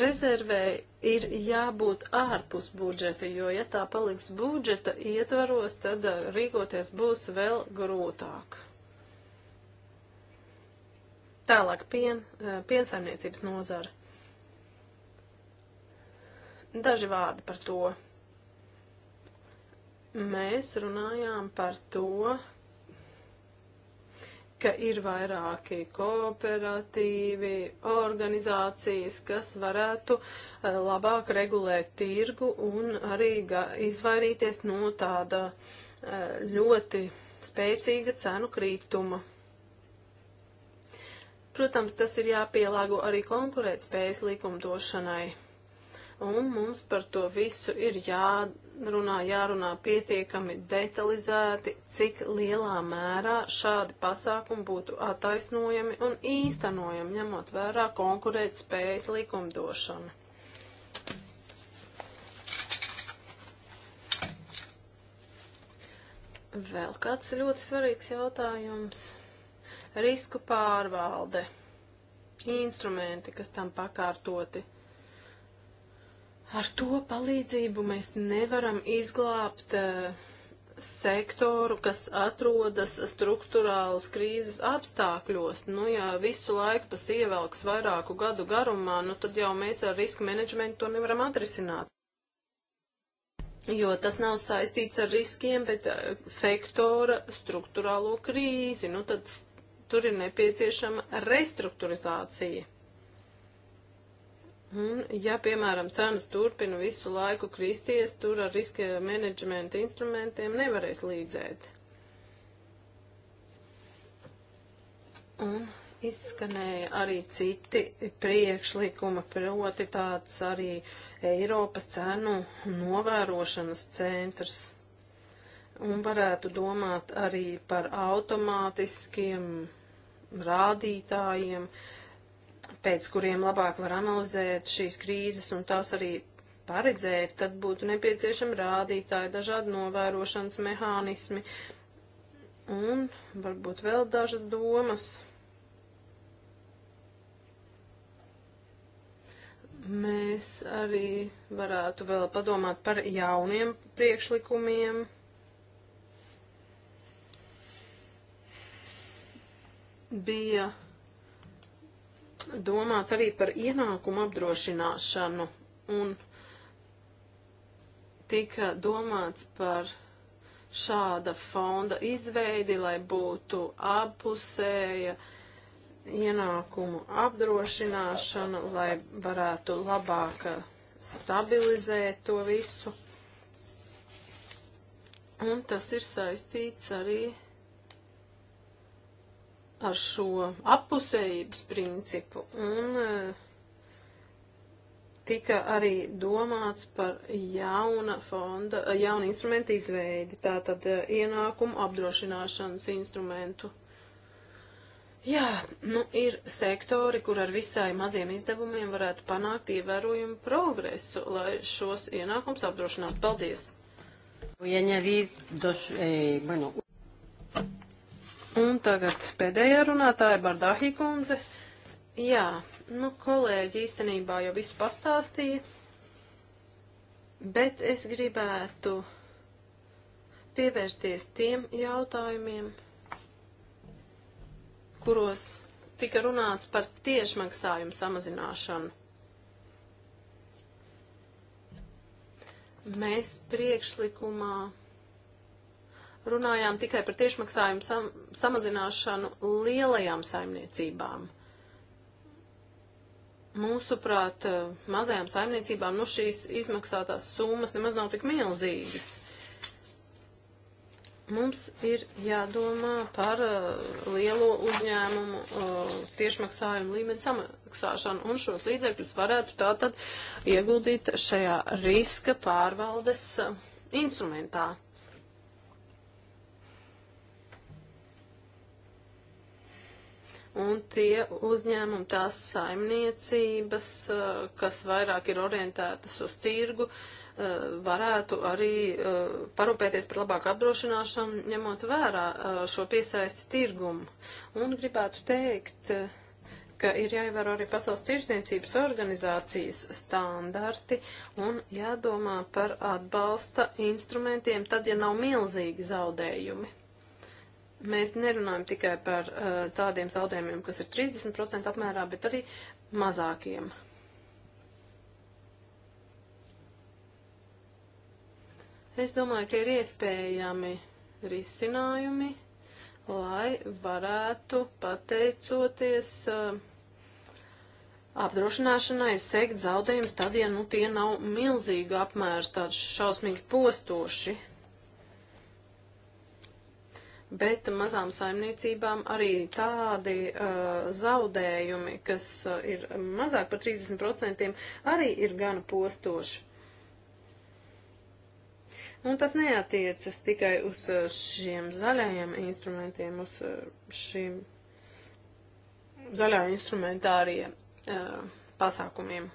rezervei ir jābūt ārpus budžeta, jo ja tā paliks budžeta ietvaros, tad rīkoties būs vēl grūtāk. Tālāk pien, piensaimniecības nozara. Daži vārdi par to. Mēs runājām par to, ka ir vairāki kooperatīvi, organizācijas, kas varētu eh, labāk regulēt tirgu un arī izvairīties no tāda eh, ļoti spēcīga cenu krītuma. Protams, tas ir jāpielāgo arī konkurētspējas likumdošanai. Un mums par to visu ir jādomā jārunā, jārunā pietiekami detalizēti, cik lielā mērā šādi pasākumi būtu attaisnojami un īstenojami, ņemot vērā konkurēt spējas likumdošanu. Vēl kāds ļoti svarīgs jautājums - risku pārvalde, instrumenti, kas tam pakārtoti. Ar to palīdzību mēs nevaram izglābt uh, sektoru, kas atrodas struktūrālas krīzes apstākļos. Nu, ja visu laiku tas ievelks vairāku gadu garumā, nu, tad jau mēs ar risku menedžmentu to nevaram atrisināt. Jo tas nav saistīts ar riskiem, bet eh, sektora struktūrālo krīzi. Nu, tad tur ir nepieciešama restruktūrizācija. Un, ja, piemēram, cenas turpina visu laiku kristies, tur ar riska menedžmenta instrumentiem nevarēs līdzēt. Un izskanēja arī citi priekšlikumi, proti tāds arī Eiropas cenu novērošanas centrs. Un varētu domāt arī par automātiskiem rādītājiem, uh, pēc kuriem labāk var analizēt šīs krīzes un tās arī paredzēt, tad būtu nepieciešami rādītāji, dažādi novērošanas mehānismi un varbūt vēl dažas domas. Mēs arī varētu vēl padomāt par jauniem priekšlikumiem. Bija domāts arī par ienākumu apdrošināšanu un tika domāts par šāda fonda izveidi, lai būtu abpusēja ienākumu apdrošināšana, lai varētu labāk stabilizēt to visu. Un tas ir saistīts arī ar šo appusējības principu un eh, tika arī domāts par jauna fonda, jauna instrumenta izveidi, tātad eh, ienākumu apdrošināšanas instrumentu. Jā, nu ir sektori, kur ar visai maziem izdevumiem varētu panākt ievērojumu progresu, lai šos ienākums apdrošinātu. Paldies! Dos, eh, bueno. Un tagad pēdējā runātāja Bardahi kundze. Jā, nu kolēģi īstenībā jau visu pastāstīja, bet es gribētu pievērsties tiem jautājumiem, kuros tika runāts par tiešmaksājumu samazināšanu. Mēs priekšlikumā runājām tikai par tiešmaksājumu sam samazināšanu lielajām saimniecībām. Mūsuprāt, mazajām saimniecībām nu, šīs izmaksātās summas nemaz nav tik milzīgas. Mums ir jādomā par uh, lielo uzņēmumu uh, tiešmaksājumu līmeni samaksāšanu, un šos līdzekļus varētu tātad ieguldīt šajā riska pārvaldes uh, instrumentā. un tie uzņēmumi, tās saimniecības, eh, kas vairāk ir orientētas uz tirgu, eh, varētu arī eh, parūpēties par labāku apdrošināšanu, ņemot vērā šo piesaisti tirgumu. Un gribētu teikt, ka ir jāievēro arī pasaules tirsniecības organizācijas standarti un jādomā par atbalsta instrumentiem, tad, ja nav milzīgi zaudējumi. Mēs nerunājam tikai par uh, tādiem zaudējumiem, kas ir 30% apmērā, bet arī mazākiem. Es domāju, ka ir iespējami risinājumi, lai varētu pateicoties uh, apdrošināšanai sekt zaudējumus tad, ja nu tie nav milzīga apmēra, tāds šausmīgi postoši bet mazām saimniecībām arī tādi uh, zaudējumi, kas uh, ir mazāk par 30%, arī ir gana postoši. Un nu, tas neatiecas tikai uz uh, šiem zaļajiem instrumentiem, uz uh, šiem zaļā instrumentāriem uh, pasākumiem.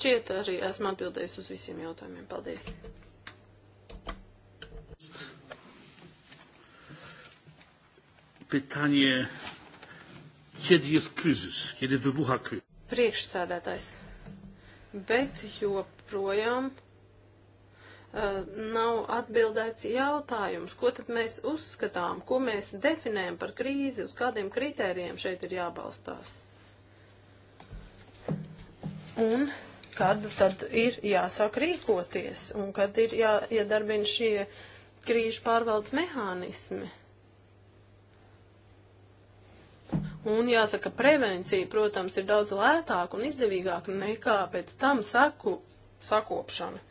Šķiet, arī esmu atbildējusi uz visiem jautājumiem. Paldies! Pytanie, kiedy jest kryzys, kiedy wybucha kryzys? Priekšsēdētājs. Bet joprojām eh, nav atbildēts jautājums, ko tad mēs uzskatām, ko mēs definējam par krīzi, uz kādiem kritērijiem šeit ir jābalstās. Un kad tad ir jāsāk rīkoties un kad ir jāiedarbina šie krīžu pārvaldes mehānismi. Un jāsaka, prevencija, protams, ir daudz lētāka un izdevīgāka nekā pēc tam saku sakopšana.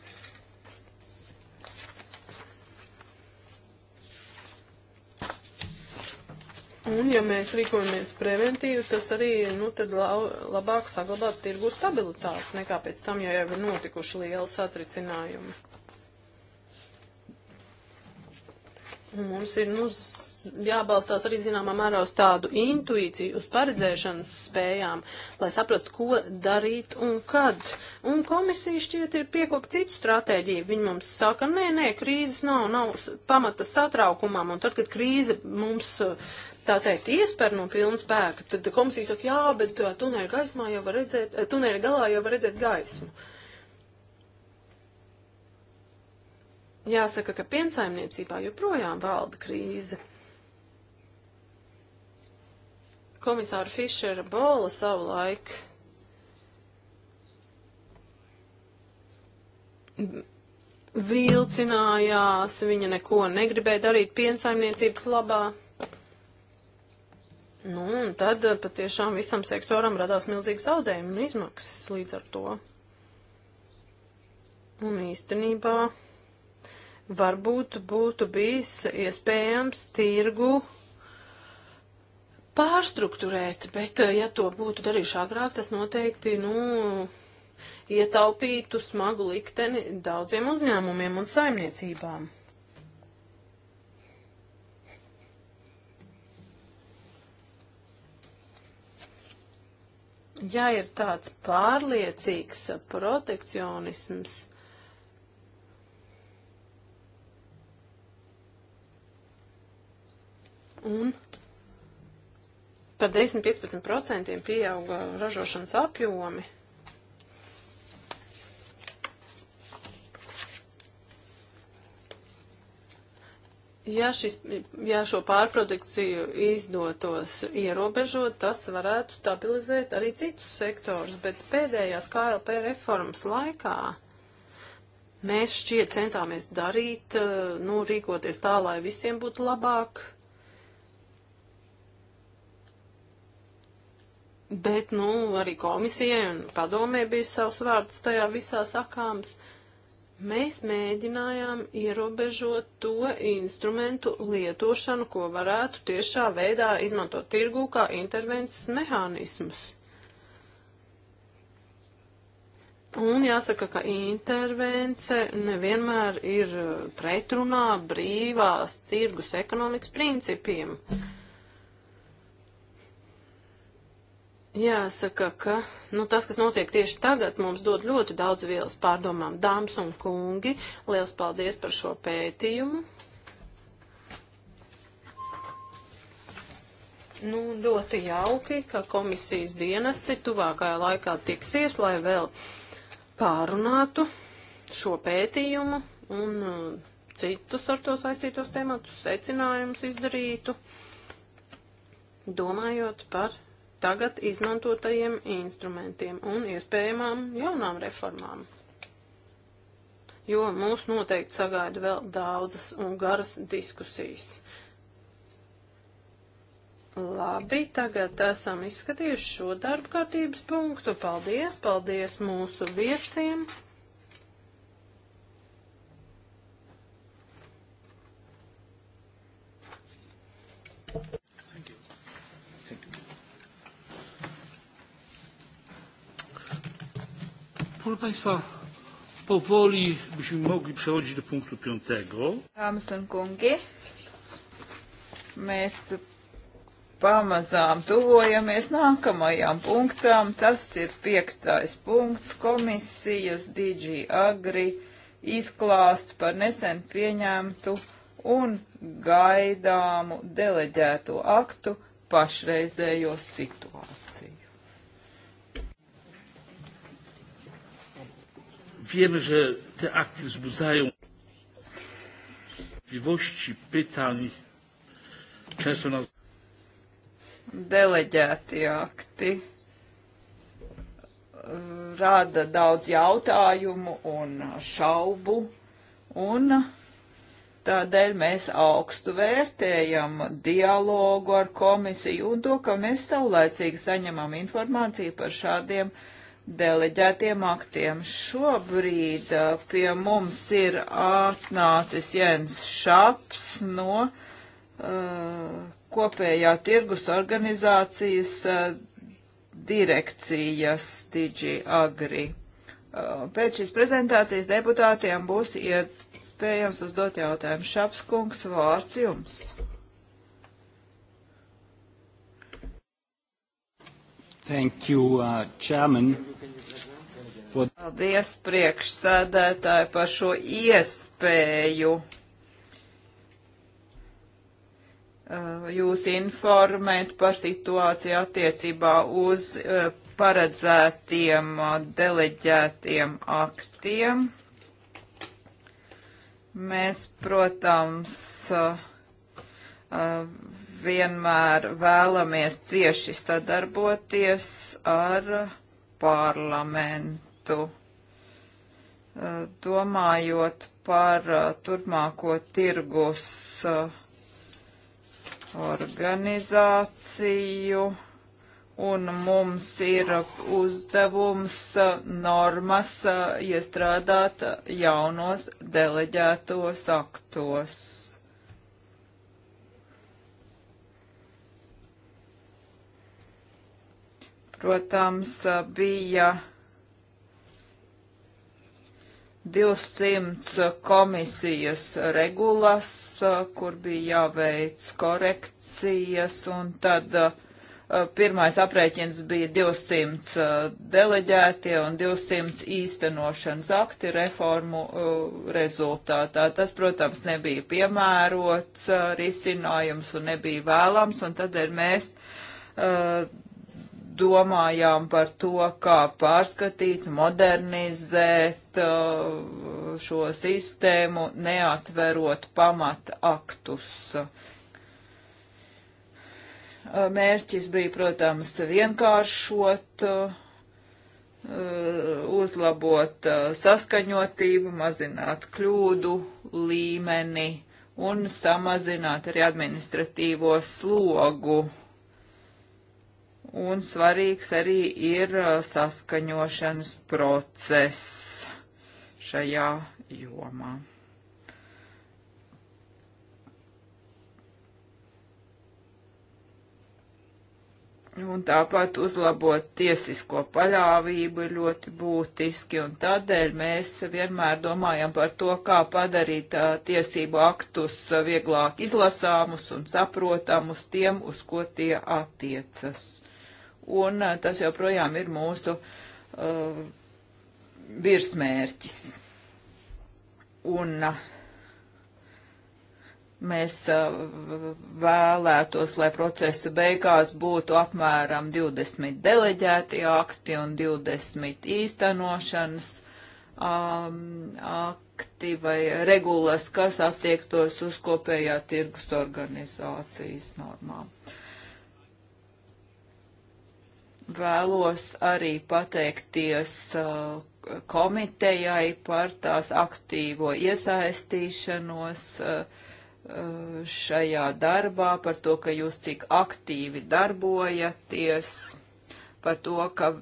Un ja mēs rīkojamies preventīvi, tas arī, nu, tad labāk saglabāt tirgu stabilitāti nekā pēc tam, ja jau ir notikuši lieli satricinājumi. Un mums ir, nu, jābalstās arī zināmā mērā uz tādu intuīciju, uz paredzēšanas spējām, lai saprastu, ko darīt un kad. Un komisija šķiet ir piekop citu stratēģiju. Viņi mums saka, nē, nē, krīzes nav, nav pamata satraukumam. Un tad, kad krīze mums tā teikt, iespēr no pilna spēka, tad komisija saka, jā, bet uh, tuneļa gaismā jau var redzēt, uh, tuneļa galā jau var redzēt gaismu. Jāsaka, ka piensaimniecībā joprojām valda krīze. Komisāra Fišera Bola savulaik vilcinājās, viņa neko negribēja darīt piensaimniecības labā. Nu, un tad eh, patiešām visam sektoram radās milzīgs zaudējumi un izmaksas līdz ar to. Un īstenībā varbūt būtu bijis iespējams tirgu pārstruktūrēt, bet eh, ja to būtu darījuši agrāk, tas noteikti, nu, ietaupītu smagu likteni daudziem uzņēmumiem un saimniecībām. ja ir tāds pārliecīgs protekcionisms, un par 10-15% pieauga ražošanas apjomi, Ja, šis, ja šo pārprodukciju izdotos ierobežot, tas varētu stabilizēt arī citus sektorus, bet pēdējās KLP reformas laikā mēs šķiet centāmies darīt, eh, nu, rīkoties tā, lai visiem būtu labāk. Bet, nu, arī komisijai un padomē bija savs vārds tajā visā sakāms. Uh, Mēs mēģinājām ierobežot to instrumentu lietošanu, ko varētu tiešā veidā izmantot tirgū kā intervences mehānismus. Un jāsaka, ka intervence nevienmēr ir pretrunā brīvās tirgus ekonomikas principiem. Uh, Jāsaka, ka nu, tas, kas notiek tieši tagad, mums dod ļoti daudz vielas pārdomām. Dāmas un kungi, liels paldies par šo pētījumu. Nu, ļoti jauki, ka komisijas dienesti tuvākajā laikā tiksies, lai vēl pārunātu šo pētījumu un uh, citus ar to saistītos tematus secinājumus izdarītu, domājot par tagad izmantotajiem instrumentiem un iespējamām jaunām reformām. Jo mūs noteikti sagaida vēl daudzas un garas diskusijas. Labi, tagad esam izskatījuši šo darba kārtības punktu. Paldies, paldies mūsu viesiem! proszę państwa, powoli byśmy mogli przechodzić do punktu piątego. Mēs pamazām tuvojamies nākamajām punktām. Tas ir piektais punkts komisijas DG Agri izklāsts par nesen pieņemtu un gaidāmu deleģēto aktu pašreizējo situāciju. Wiemy, że te akty wzbudzają wątpliwości, pytań, często nas. Deleģēti akti rada daudz jautājumu un šaubu, un tādēļ mēs augstu vērtējam dialogu ar komisiju un to, ka mēs saulēcīgi saņemam informāciju par šādiem jautājumiem deleģētiem aktiem. Šobrīd uh, pie mums ir atnācis Jens Šaps no uh, kopējā tirgus organizācijas uh, direkcijas Digi Agri. Uh, pēc šīs prezentācijas deputātiem būs iespējams uzdot jautājumu. Šaps kungs, vārds jums. Thank you, uh, Chairman for... Paldies priekšsēdētāji par šo iespēju uh, jūs informēt par situāciju attiecībā uz uh, paredzētiem uh, deleģētiem aktiem. Mēs, protams, vienmēr vēlamies cieši sadarboties ar parlamentu lietu, eh, domājot par eh, turpmāko tirgus eh, organizāciju, un mums ir uzdevums normas iestrādāt jaunos deleģētos aktos. protams, bija 200 komisijas regulas, kur bija jāveic korekcijas, un tad uh, pirmais aprēķins bija 200 uh, deleģētie un 200 īstenošanas akti reformu uh, rezultātā. Tas, protams, nebija piemērots risinājums un nebija vēlams, un tad ir mēs domājām par to, kā pārskatīt, modernizēt uh, šo sistēmu, neatverot pamata aktus. Uh, mērķis bija, protams, vienkāršot, uh, uzlabot saskaņotību, mazināt kļūdu līmeni un samazināt arī administratīvo slogu un svarīgs arī ir uh, saskaņošanas process šajā jomā. Un tāpat uzlabot tiesisko paļāvību ir ļoti būtiski, un tādēļ mēs vienmēr domājam par to, kā padarīt uh, tiesību aktus uh, vieglāk izlasāmus un saprotamus tiem, uz ko tie attiecas un uh, tas joprojām ir mūsu uh, virsmērķis. Un uh, mēs uh, vēlētos, lai procesa beigās būtu apmēram 20 deleģēti akti un 20 īstenošanas um, akti vai regulas, kas attiektos uz kopējā tirgus organizācijas normām. Uh, vēlos arī pateikties uh, komitejai par tās aktīvo iesaistīšanos uh, uh, šajā darbā, par to, ka jūs tik aktīvi darbojaties, par to, ka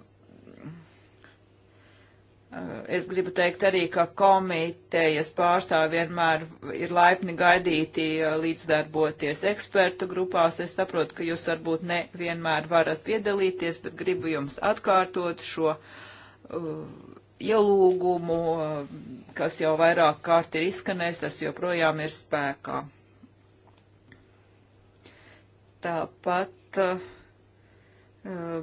Eh, es gribu teikt arī, ka komitejas pārstāvi vienmēr ir laipni gaidīti eh, līdzdarboties ekspertu grupās. Es saprotu, ka jūs varbūt ne vienmēr varat piedalīties, bet gribu jums atkārtot šo uh, ielūgumu, kas jau vairāk kārt ir izskanējis, tas joprojām ir spēkā. Tāpat. Uh,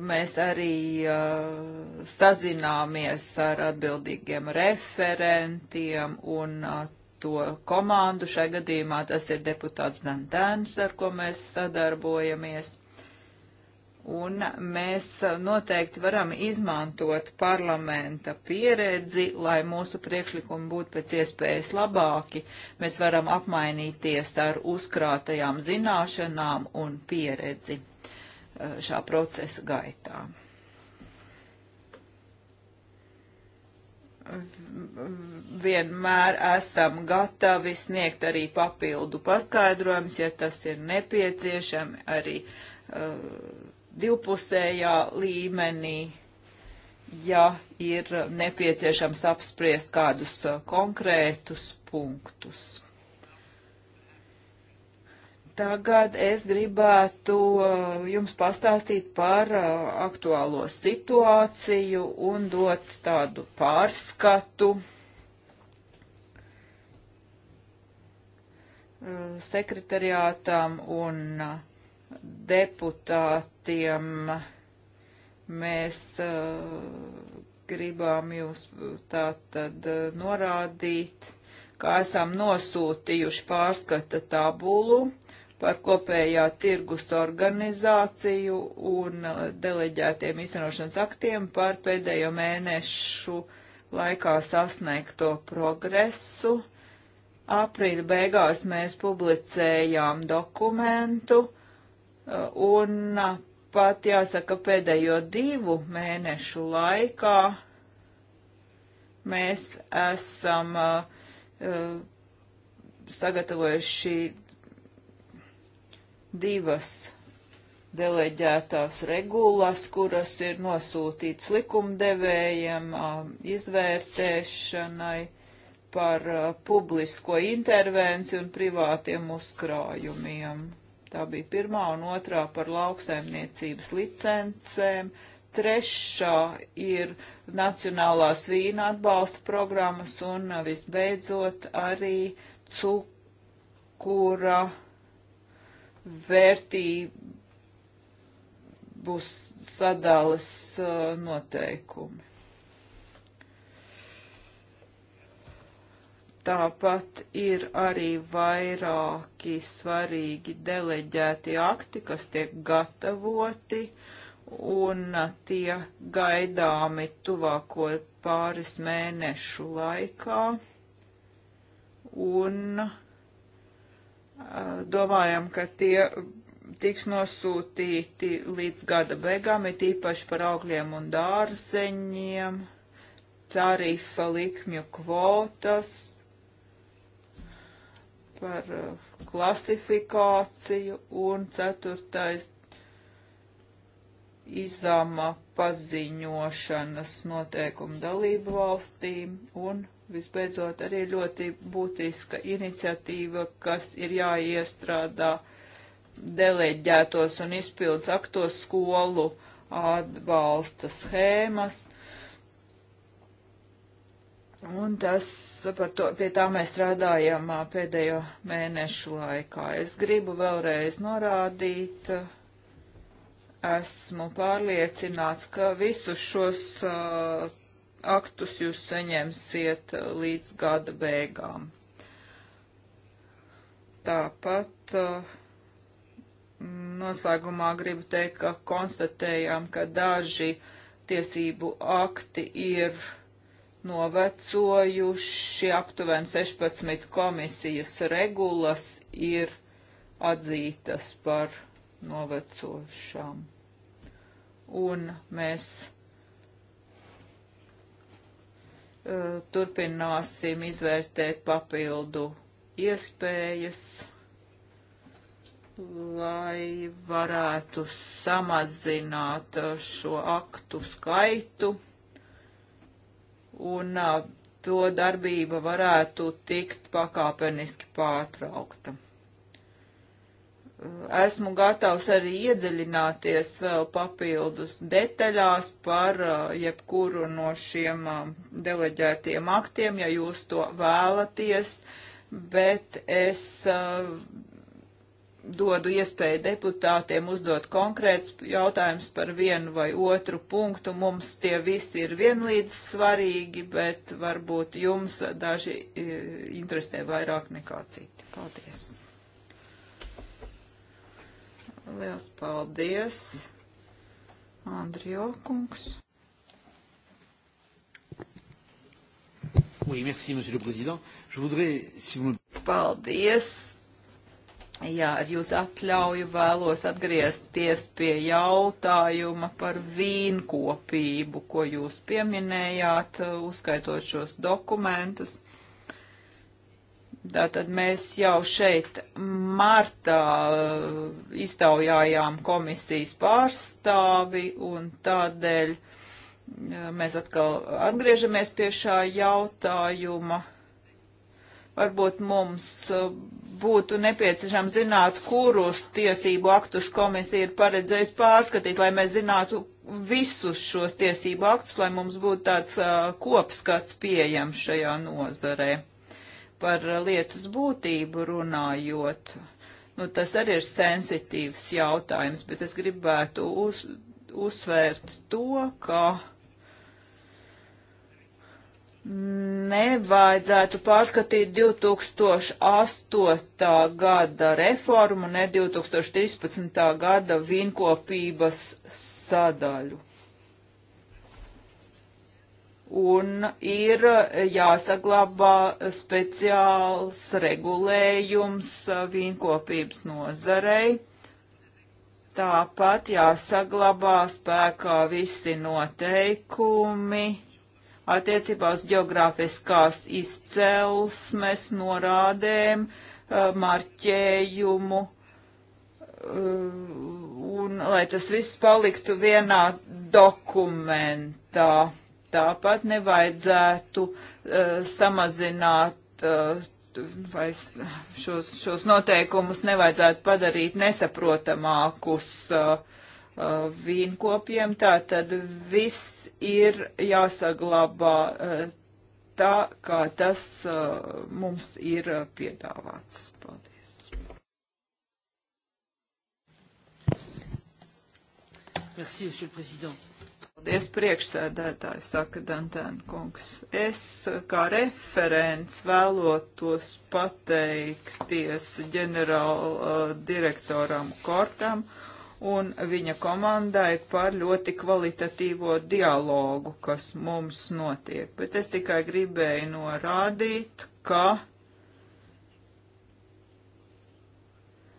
Mēs arī uh, sazināmies ar atbildīgiem referentiem un uh, to komandu. Šai gadījumā tas ir deputāts Dantēns, ar ko mēs sadarbojamies. Un mēs uh, noteikti varam izmantot parlamenta pieredzi, lai mūsu priekšlikumi būtu pēc iespējas labāki. Mēs varam apmainīties ar uzkrātajām zināšanām un pieredzi. Eh, šā procesa gaitā. vienmēr esam gatavi sniegt arī papildu paskaidrojumus, ja tas ir nepieciešami, arī uh, divpusējā līmenī, ja ir nepieciešams apspriest kādus uh, konkrētus punktus. Tagad es gribētu uh, jums pastāstīt par uh, aktuālo situāciju un dot tādu pārskatu. Uh, Sekretariātām un deputātiem mēs gribām jūs tātad norādīt, kā esam nosūtījuši pārskata tabulu par kopējā tirgus organizāciju un uh, deleģētiem izcenošanas aktiem par pēdējo mēnešu laikā sasniegto progresu. Aprīļa beigās mēs publicējām dokumentu uh, un uh, pat jāsaka pēdējo divu mēnešu laikā mēs esam uh, sagatavojuši divas deleģētās regulas, kuras ir nosūtīts likumdevējiem izvērtēšanai par publisko intervenciju un privātiem uzkrājumiem. Tā bija pirmā un otrā par lauksaimniecības licencēm. Trešā ir Nacionālās vīna atbalsta programmas un visbeidzot arī cukura vērtību sadales uh, noteikumi. Tāpat ir arī vairāki svarīgi deleģēti akti, kas tiek gatavoti, un uh, tie gaidāmi tuvāko pāris mēnešu laikā. Un uh, domājam, ka tie tiks nosūtīti līdz gada beigām, it īpaši par augļiem un dārzeņiem, tarifa likmju kvotas, par klasifikāciju un ceturtais izāma paziņošanas noteikumu dalību valstīm un visbeidzot arī ļoti būtiska iniciatīva, kas ir jāiestrādā deleģētos un izpildus aktos skolu atbalsta schēmas. Un tas, par to, pie tā mēs strādājam pēdējo mēnešu laikā. Es gribu vēlreiz norādīt, esmu pārliecināts, ka visus šos uh, aktus jūs saņemsiet uh, līdz gada beigām. Tāpat uh, noslēgumā gribu teikt, ka konstatējām, ka daži tiesību akti ir novecojuši, aptuveni 16 komisijas regulas ir atzītas par novecošām. Un mēs Eh, turpināsim izvērtēt papildu iespējas, lai varētu samazināt eh, šo aktu skaitu un eh, to darbība varētu tikt pakāpeniski pārtraukta esmu gatavs arī iedziļināties vēl papildus detaļās par uh, jebkuru no šiem um, deleģētiem aktiem, ja jūs to vēlaties, bet es uh, dodu iespēju deputātiem uzdot konkrēts jautājums par vienu vai otru punktu. Mums tie visi ir vienlīdz svarīgi, bet varbūt jums daži uh, interesē vairāk nekā citi. Paldies! Liels paldies, Andrijo kungs. Oui, merci, monsieur le président. Je voudrais, si vous... Paldies. Jā, ar jūs atļauju vēlos atgriezties pie jautājuma par vīnkopību, ko jūs pieminējāt, uzskaitot šos dokumentus. Tātad mēs jau šeit martā uh, iztaujājām komisijas pārstāvi un tādēļ uh, mēs atkal atgriežamies pie šā jautājuma. Varbūt mums uh, būtu nepieciešams zināt, kurus tiesību aktus komisija ir paredzējusi pārskatīt, lai mēs zinātu visus šos tiesību aktus, lai mums būtu tāds uh, kopskats pieejams šajā nozarē par eh, lietas būtību runājot. Nu, tas arī ir sensitīvs jautājums, bet es gribētu uz, uzsvērt to, ka nevajadzētu pārskatīt 2008. gada reformu, ne 2013. gada vīnkopības sadaļu un ir jāsaglabā speciāls regulējums vīnkopības nozarei. Tāpat jāsaglabā spēkā visi noteikumi attiecībā uz geogrāfiskās izcelsmes norādēm, eh, marķējumu, eh, un lai tas viss paliktu vienā dokumentā. Tāpat nevajadzētu uh, samazināt uh, vai šos, šos noteikumus nevajadzētu padarīt nesaprotamākus uh, uh, vīnkopiem. Tā tad viss ir jāsaglabā uh, tā, kā tas mums ir piedāvāts. Paldies. Merci, monsieur le président. Paldies priekšsēdētāji, saka Dantēna kungs. Es kā referents vēlotos pateikties ģenerāla uh, direktoram Kortam un viņa komandai par ļoti kvalitatīvo dialogu, kas mums notiek. Bet es tikai gribēju norādīt, ka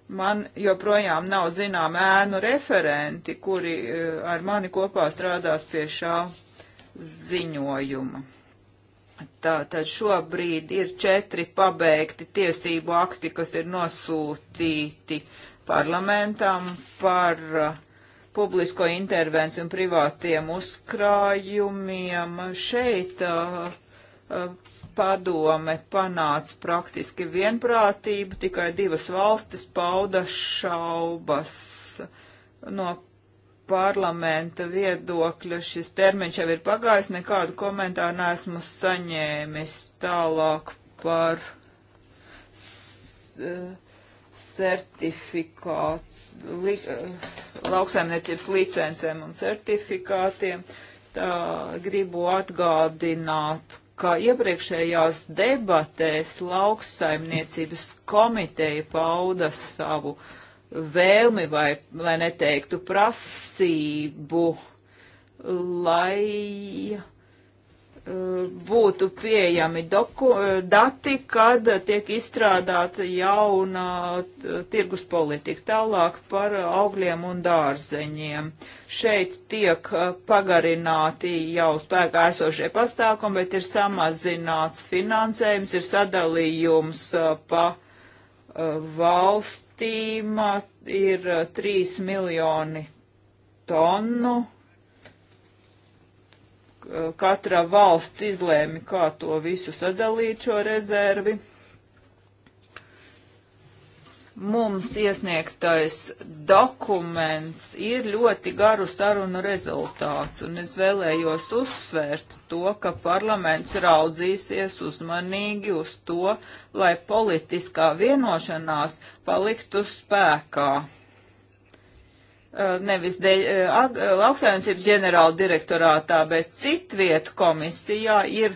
Man joprojām nav zinām ēnu referenti, kuri eh, ar mani kopā strādās pie šā ziņojuma. Tātad šobrīd ir četri pabeigti tiesību akti, kas ir nosūtīti parlamentam par uh, publisko intervenciju un privātiem uzkrājumiem. Šeit uh, uh, padome panāca praktiski vienprātību, tikai divas valstis pauda šaubas. No parlamenta viedokļa šis termiņš jau ir pagājis, nekādu komentāru neesmu saņēmis tālāk par certifikāts, li, eh, lauksaimniecības licencēm un certifikātiem. Tā gribu atgādināt, ka iepriekšējās debatēs lauksaimniecības komiteja pauda savu vēlmi vai, lai neteiktu, prasību, lai būtu pieejami doku, dati, kad tiek izstrādāta jauna tirgus politika. Tālāk par augļiem un dārzeņiem. Šeit tiek pagarināti jau spēkā esošie pasākumi, bet ir samazināts finansējums, ir sadalījums uh, pa uh, valstīm, uh, ir 3 miljoni tonu Eh, katra valsts izlēma, kā to visu sadalīt šo rezervi. Mums iesniegtais dokuments ir ļoti garu sarunu rezultāts, un es vēlējos uzsvērt to, ka parlaments raudzīsies uzmanīgi uz to, lai politiskā vienošanās paliktu spēkā Eh, nevis eh, eh, lauksaimniecības ģenerāla direktorātā, bet citvietu komisijā ir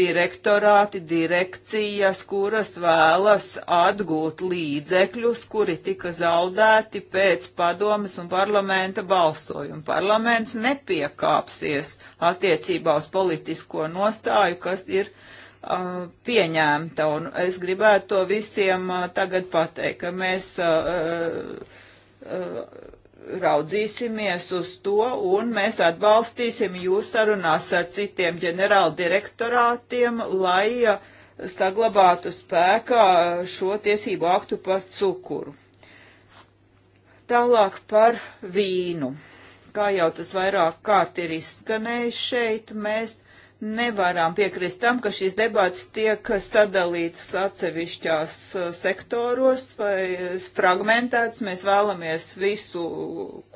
direktorāti, direkcijas, kuras vēlas atgūt līdzekļus, kuri tika zaudēti pēc padomas un parlamenta balsojuma. Parlaments nepiekāpsies attiecībā uz politisko nostāju, kas ir uh, pieņēmta, un es gribētu to visiem uh, tagad pateikt, ka mēs uh, raudzīsimies uz to un mēs atbalstīsim jūs sarunās ar citiem ģenerāldirektorātiem, lai saglabātu spēkā šo tiesību aktu par cukuru. Tālāk par vīnu. Kā jau tas vairāk kārt ir izskanējis šeit, mēs nevaram piekrist tam, ka šīs debats tiek sadalītas atsevišķās uh, sektoros vai uh, fragmentētas. Mēs vēlamies visu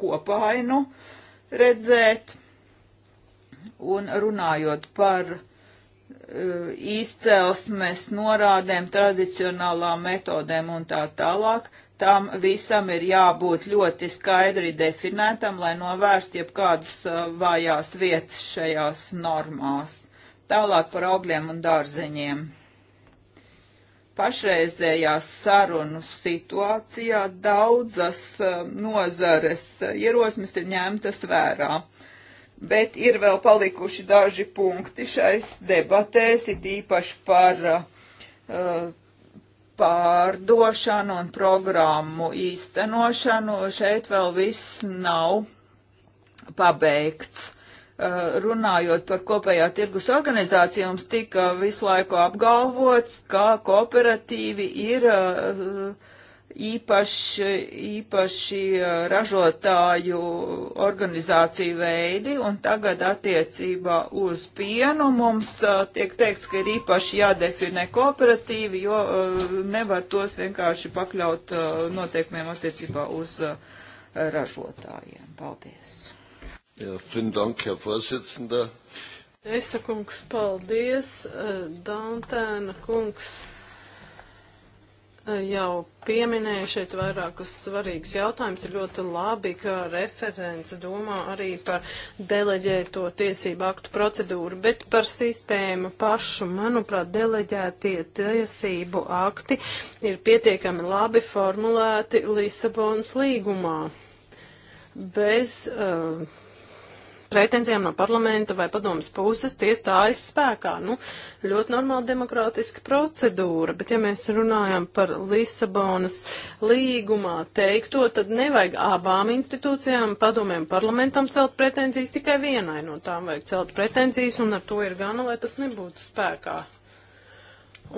kopainu redzēt. Un runājot par uh, izcelsmes norādēm, tradicionālām metodēm un tā tālāk, tam visam ir jābūt ļoti skaidri definētam, lai novērst jebkādas uh, vājās vietas šajās normās. Tālāk par augļiem un dārzeņiem. Pašreizējā sarunu situācijā daudzas uh, nozares ierosmes ir ņemtas vērā, bet ir vēl palikuši daži punkti šais debatēs, it īpaši par uh, pārdošanu un programmu īstenošanu. Šeit vēl viss nav pabeigts. Eh, runājot par kopējā tirgus organizāciju, mums tika visu laiku apgalvots, ka kooperatīvi ir uh, īpaši, īpaši ražotāju organizāciju veidi, un tagad attiecībā uz pienu mums tiek teikts, ka ir īpaši jādefinē kooperatīvi, jo nevar tos vienkārši pakļaut noteikumiem attiecībā uz ražotājiem. Paldies! Ja, vielen Dank, Herr Vorsitzender. Esa kungs, paldies, Dantēna kungs jau pieminēja šeit vairākus svarīgus jautājumus. Ir ļoti labi, ka referents domā arī par deleģēto tiesību aktu procedūru, bet par sistēmu pašu, manuprāt, deleģētie tiesību akti ir pietiekami labi formulēti Lisabonas līgumā. Bez uh, pretenzijām no parlamenta vai padomas puses tie stājas spēkā. Nu, ļoti normāla demokrātiska procedūra, bet ja mēs runājam par Lisabonas līgumā teikto, tad nevajag abām institūcijām, padomēm parlamentam celt pretenzijas, tikai vienai no tām vajag celt pretenzijas, un ar to ir gana, lai tas nebūtu spēkā.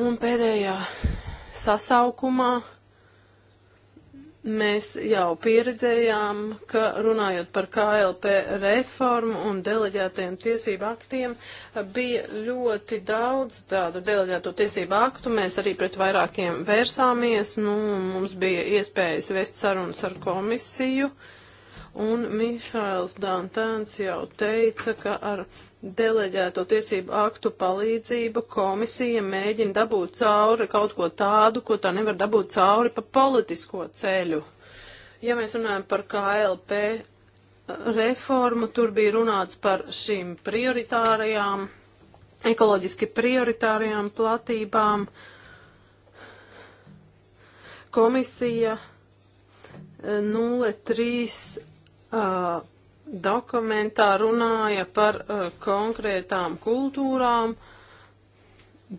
Un pēdējā sasaukumā Mēs jau pieredzējām, ka runājot par KLP reformu un deleģētajiem tiesību aktiem, bija ļoti daudz tādu deleģēto tiesību aktu. Mēs arī pret vairākiem vērsāmies, nu, mums bija iespējas vest sarunas ar komisiju, un Mihails Dantēns jau teica, ka ar deleģēto tiesību aktu palīdzību komisija mēģina dabūt cauri kaut ko tādu, ko tā nevar dabūt cauri pa politisko ceļu. Ja mēs runājam par KLP eh, reformu, tur bija runāts par šīm prioritārajām, ekoloģiski prioritārajām platībām. Komisija 03. Uh, eh, dokumentā runāja par uh, konkrētām kultūrām,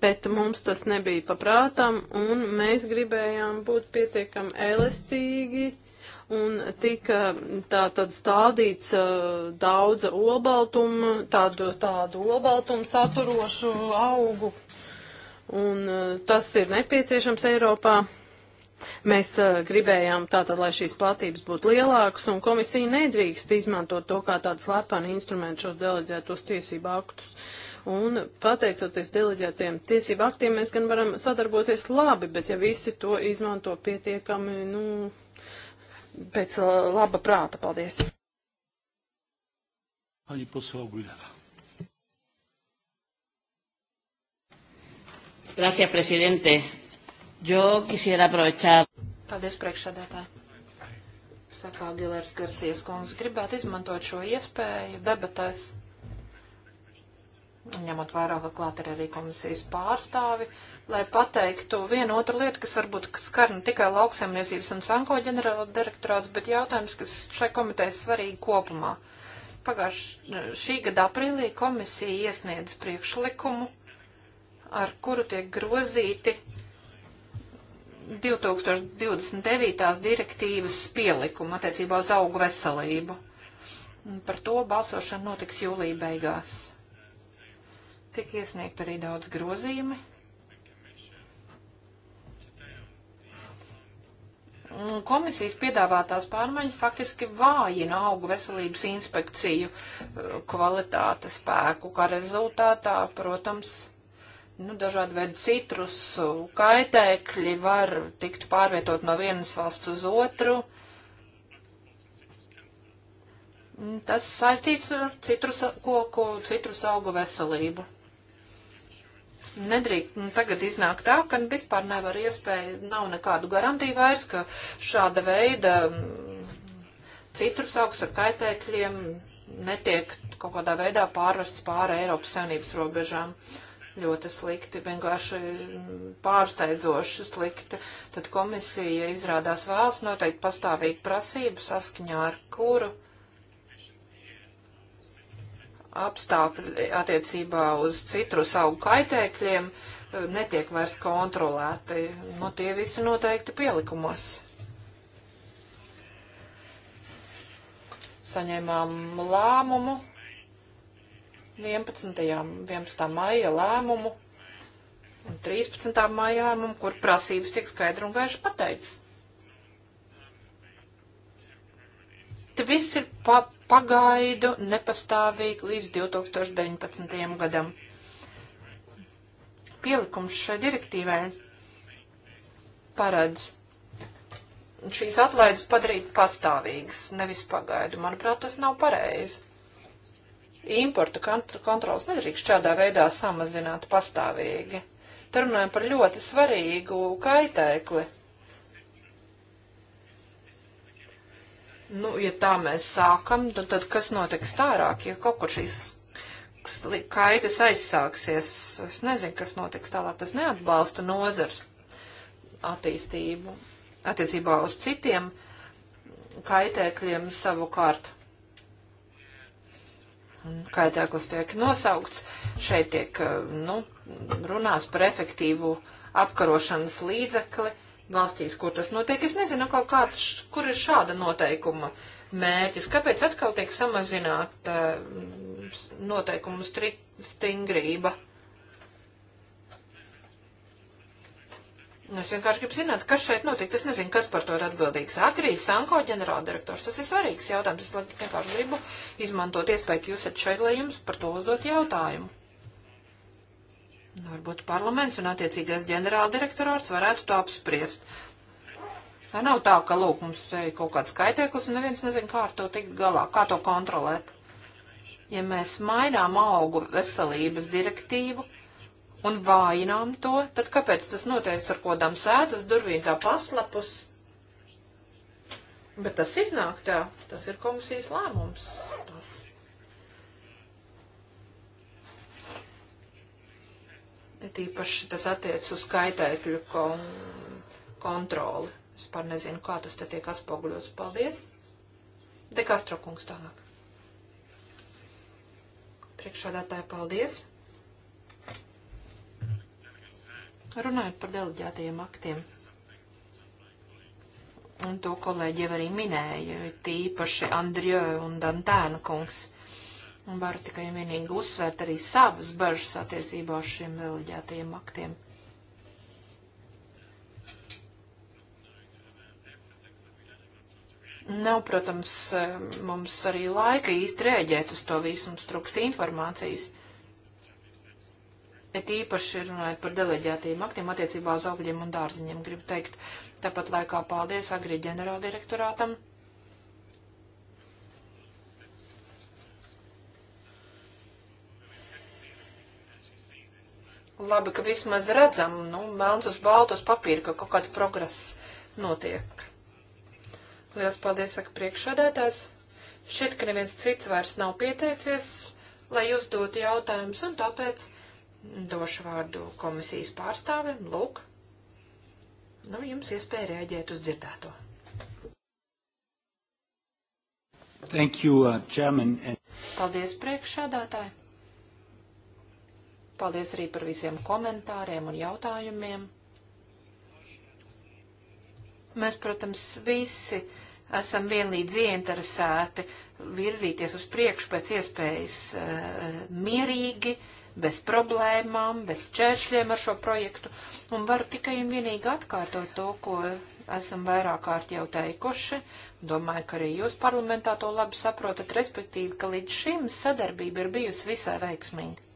bet mums tas nebija paprātam, un mēs gribējām būt pietiekami elastīgi, un tika tā tad stādīts uh, daudz olbaltumu, tādu, tādu olbaltumu saturošu augu, un uh, tas ir nepieciešams Eiropā. Mēs uh, gribējām tātad, lai šīs platības būtu lielākas, un komisija nedrīkst izmantot to kā tādu slepenu instrumentu šos deleģētos tiesību aktus. Un pateicoties deleģētiem tiesību aktiem, mēs gan varam sadarboties labi, bet ja visi to izmanto pietiekami, nu, pēc uh, laba prāta. Paldies. Pani posla Aguilera. Gracias, presidente. Yo quisiera aprovechar. Paldies, priekšsēdētāji. Saka Agilērs Garsies kundze, gribētu izmantot šo iespēju debatēs, ņemot vērā, ka klāt ir arī komisijas pārstāvi, lai pateiktu vienu otru lietu, kas varbūt skar ne tikai lauksaimniecības un sanko ģenerāla direktorāts, bet jautājums, kas šai komitei svarīgi kopumā. Pagājuši šī gada aprīlī komisija iesniedz priekšlikumu, ar kuru tiek grozīti 2029. direktīvas pielikumu attiecībā uz augu veselību. Par to balsošana notiks jūlija beigās. Tik iesniegt arī daudz grozījumi. Komisijas piedāvātās pārmaiņas faktiski vājina augu veselības inspekciju eh, kvalitātes spēku, kā rezultātā, protams, nu, dažādi veidi citrusu kaitēkļi var tikt pārvietot no vienas valsts uz otru. Tas saistīts ar citrusa, koku, citrusa augu veselību. Nedrīkst nu, tagad iznāk tā, ka vispār nevar iespēja, nav nekādu garantiju vairs, ka šāda veida mm, citrus augs ar kaitēkļiem netiek kaut kādā veidā pārvests pāri Eiropas savinības robežām. Uh, ļoti slikti, vienkārši pārsteidzoši slikti. Tad komisija izrādās vēlas noteikt pastāvīgu prasību, saskaņā ar kuru apstākļi attiecībā uz citrus augu kaitēkļiem e, netiek vairs kontrolēti. Nu, tie visi noteikti pielikumos. Saņēmām lēmumu 11. 11. maija lēmumu un 13. maija lēmumu, kur prasības tiek skaidri un gaiši pateicis. Te viss ir pa pagaidu nepastāvīgi līdz 2019. gadam. Pielikums šai direktīvai paredz šīs atlaides padarīt pastāvīgas, nevis pagaidu. Manuprāt, tas nav pareizi. Importa kont kontrols nedrīkst šādā veidā samazināt pastāvīgi. Te runājam par ļoti svarīgu kaitēkli. Nu, ja tā mēs sākam, tad, tad kas notiks tālāk, ja kaut kur šīs kaitas aizsāksies? Es nezinu, kas notiks tālāk. Tas neatbalsta nozars attīstību attiecībā uz citiem kaitēkļiem savukārt. Kaitēklis tiek nosaukts, šeit tiek, eh, nu, runās par efektīvu apkarošanas līdzekli valstīs, kur tas notiek. Es nezinu, kaut kāds, kur ir šāda noteikuma mērķis, kāpēc atkal tiek samazināta mm, noteikumu stingrība. Uh, Nu, es vienkārši gribu zināt, kas šeit notiek. Es nezinu, kas par to ir atbildīgs. Agrī, Sanko ģenerāldirektors. Tas ir svarīgs jautājums. Es vienkārši gribu izmantot iespēju, ka jūs esat šeit, lai jums par to uzdot jautājumu. Nu, varbūt parlaments un attiecīgais ģenerāldirektors varētu to apspriest. Tā nav tā, ka, lūk, mums te ir kaut kāds skaiteklis un neviens nezin, kā ar to tikt galā, kā to kontrolēt. Ja mēs mainām augu veselības direktīvu, un vājinām to, tad kāpēc tas notiek ar kodām sētas durvīm tā paslapus? Bet tas iznāk tā, tas ir komisijas lēmums. Tas. Ir īpaši tas attiec uz kaitēkļu kon kontroli. Es par nezinu, kā tas te tiek atspoguļots. Paldies! Dekastro kungs tālāk. Priekšādātāji, paldies! Runājot par deleģētajiem aktiem. Un to kolēģi jau arī minēja, tīpaši Andrija un Dantēna kungs. Un var tikai un vienīgi uzsvērt arī savas bažas attiecībā uz šiem deleģētajiem aktiem. Nav, protams, mums arī laika īsti rēģēt uz to visu, mums trūkst informācijas it īpaši runājot par deleģētajiem aktiem attiecībā uz augļiem un dārziņiem, gribu teikt tāpat laikā paldies Agri ģenerāldirektorātam. Labi, ka vismaz redzam, nu, melns uz baltos papīra, ka kaut kāds progress notiek. Lielas paldies, saka priekšsēdētājs. Šķiet, ka neviens cits vairs nav pieteicies, lai uzdotu jautājumus, un tāpēc Došu vārdu komisijas pārstāvim. Lūk, nu, jums iespēja rēģēt uz dzirdēto. Thank you, uh, Chairman. Paldies, priekšsādātāji. Paldies arī par visiem komentāriem un jautājumiem. Mēs, protams, visi esam vienlīdz ieinteresēti virzīties uz priekšu pēc iespējas uh, mierīgi, uh, bez problēmām, bez čēršļiem ar šo projektu, un varu tikai un vienīgi atkārtot to, ko esam vairāk kārt jau teikuši, domāju, ka arī jūs parlamentā to labi saprotat, respektīvi, ka līdz šim sadarbība ir bijusi visai veiksmīga.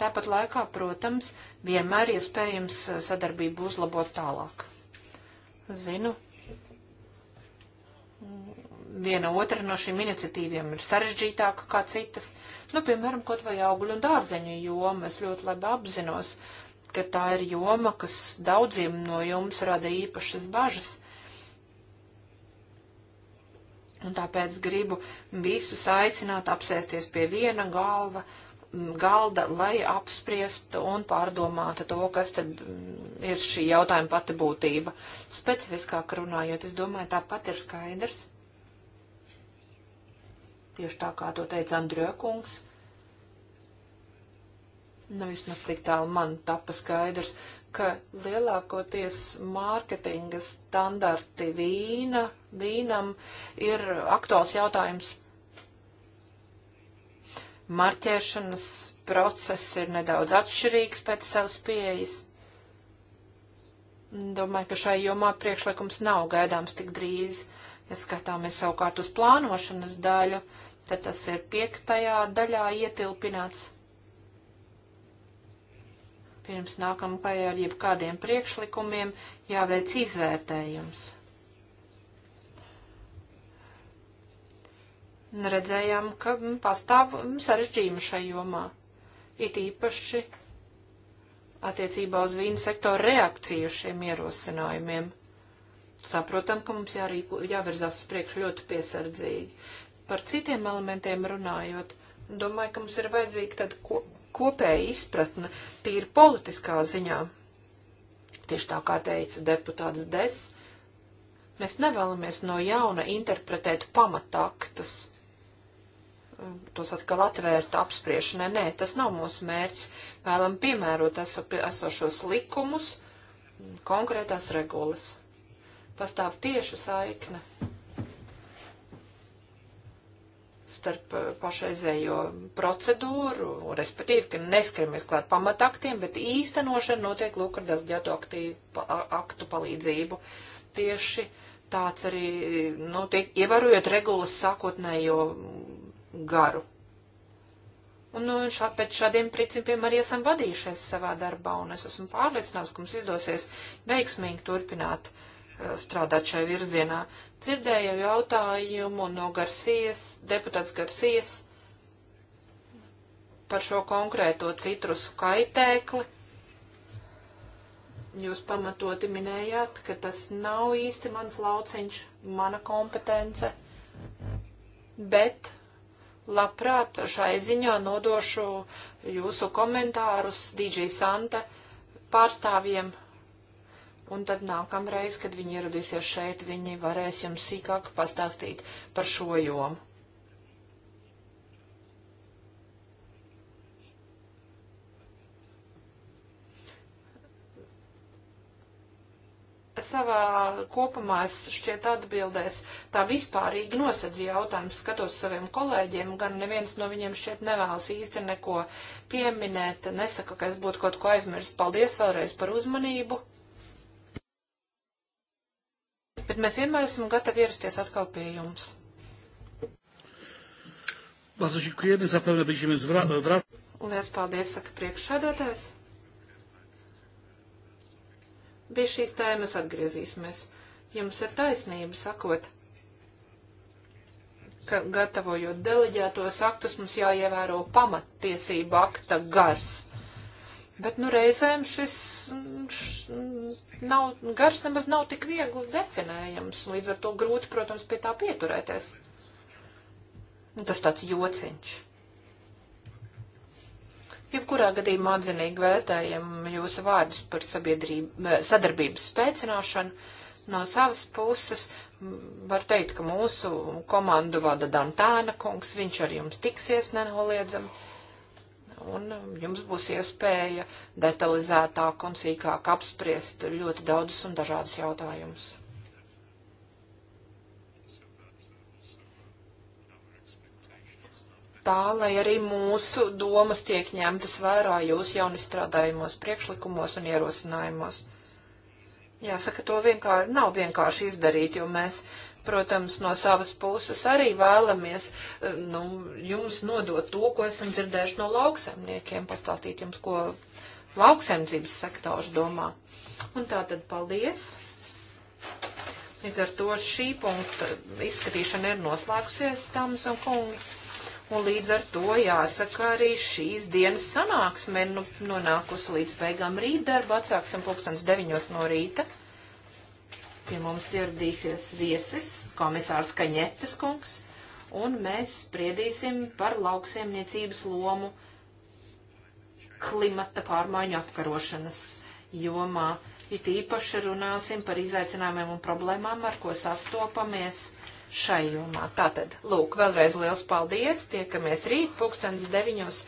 Tāpat laikā, protams, vienmēr iespējams sadarbību uzlabot tālāk. Zinu, viena otra no šīm iniciatīviem ir sarežģītāka kā citas, Nu, piemēram, kaut vai augļu un dārzeņu joma, es ļoti labi apzinos, ka tā ir joma, kas daudziem no jums rada īpašas bažas. Un tāpēc gribu visus aicināt apsēsties pie viena galva, galda, lai apspriestu un pārdomātu to, kas tad mm, ir šī jautājuma pati būtība. Specifiskāk runājot, es domāju, tāpat ir skaidrs, Tieši tā kā to teica Andrija Kungs. Nu, vismaz tik tālu man tapa skaidrs, ka lielākoties mārketinga standarti vīna, vīnam ir aktuāls jautājums. Marķēšanas process ir nedaudz atšķirīgs pēc savas pieejas. Domāju, ka šai jomā priekšlikums nav gaidāms tik drīz. Uh, Ja skatāmies savukārt uz plānošanas daļu, tad tas ir piektajā daļā ietilpināts. Pirms nākam klajā ar jebkādiem priekšlikumiem jāveic izvērtējums. Redzējām, ka mm, pastāv mm, sarežģījumi šai jomā. It īpaši attiecībā uz vīnu sektoru reakciju šiem ierosinājumiem saprotam, ka mums jārīko, jāverzās uz priekšu ļoti piesardzīgi. Par citiem elementiem runājot, domāju, ka mums ir vajadzīga tad ko, kopēja izpratne, tīri politiskā ziņā. Tieši tā kā teica deputāts Des, mēs nevēlamies no jauna interpretēt pamataktus tos atkal atvērt apspriešanai. Nē, tas nav mūsu mērķis. Vēlam piemērot esošos likumus, konkrētās regulas pastāv tieša saikne starp eh, pašreizējo procedūru, respektīvi, ka neskaramies klāt pamataktiem, bet īstenošana notiek lūk ar deleģētu aktīvu, aktu palīdzību. Tieši tāds arī, nu, tiek ievērojot regulas sākotnējo garu. Un nu, šā, pēc šādiem principiem arī esam vadījušies savā darbā, un es esmu pārliecināts, ka mums izdosies veiksmīgi turpināt uh, strādāt šai virzienā. Cirdēju jautājumu no Garcijas, deputāts Garcijas par šo konkrēto citrusu kaitēkli. Jūs pamatoti minējāt, ka tas nav īsti mans lauciņš, mana kompetence, bet labprāt šai ziņā nodošu jūsu komentārus DJ Santa pārstāvjiem Un tad nākamreiz, kad viņi ieradīsies šeit, viņi varēs jums sīkāk pastāstīt par šo jomu. Savā kopumā es šķiet atbildēs tā vispārīgi nosedzu jautājumu, skatos saviem kolēģiem, gan neviens no viņiem šķiet nevēlas īsti neko pieminēt, nesaka, ka es būtu kaut ko aizmirst. Paldies vēlreiz par uzmanību! bet mēs vienmēr esam gatavi ierasties atkal pie jums. Lielas paldies, saka priekšsēdētājs. Pie šīs tēmas atgriezīsimies. Jums ir taisnība sakot, ka gatavojot deleģētos aktus mums jāievēro pamattiesība akta gars Bet, nu, reizēm šis š, nav, gars nemaz nav tik viegli definējams, līdz ar to grūti, protams, pie tā pieturēties. Nu, tas tāds jociņš. Jebkurā gadījumā atzinīgi vērtējam jūsu vārdus par eh, sadarbības spēcināšanu. No savas puses var teikt, ka mūsu komandu vada Dantāna kungs, viņš ar jums tiksies nenoliedzami un um, jums būs iespēja detalizētāk un sīkāk apspriest ļoti daudzus un dažādus jautājumus. Tā, lai arī mūsu domas tiek ņemtas vērā jūsu jaunistrādājumos, priekšlikumos un ierosinājumos. Jāsaka, to vienkār, nav vienkārši izdarīt, jo mēs Protams, no savas puses arī vēlamies eh, nu, jums nodot to, ko esam dzirdējuši no lauksaimniekiem, pastāstīt jums, ko lauksaimniecības sektāžu domā. Un tā tad paldies! Līdz ar to šī punkta izskatīšana ir noslēgusies, Tams un kungi. Un līdz ar to jāsaka arī šīs dienas sanāksme nu, nonākusi līdz beigām rītdarbu. Atsāksim pulkstens deviņos no rīta. Pie mums ieradīsies viesis, komisārs Kaņetes kungs, un mēs spriedīsim par lauksaimniecības lomu klimata pārmaiņu apkarošanas jomā. It īpaši runāsim par izaicinājumiem un problēmām, ar ko sastopamies šai jomā. Tātad, lūk, vēlreiz liels paldies, tiekamies rīt pulkstens deviņos,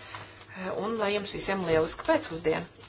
un lai jums visiem lieliski pēcpusdienu!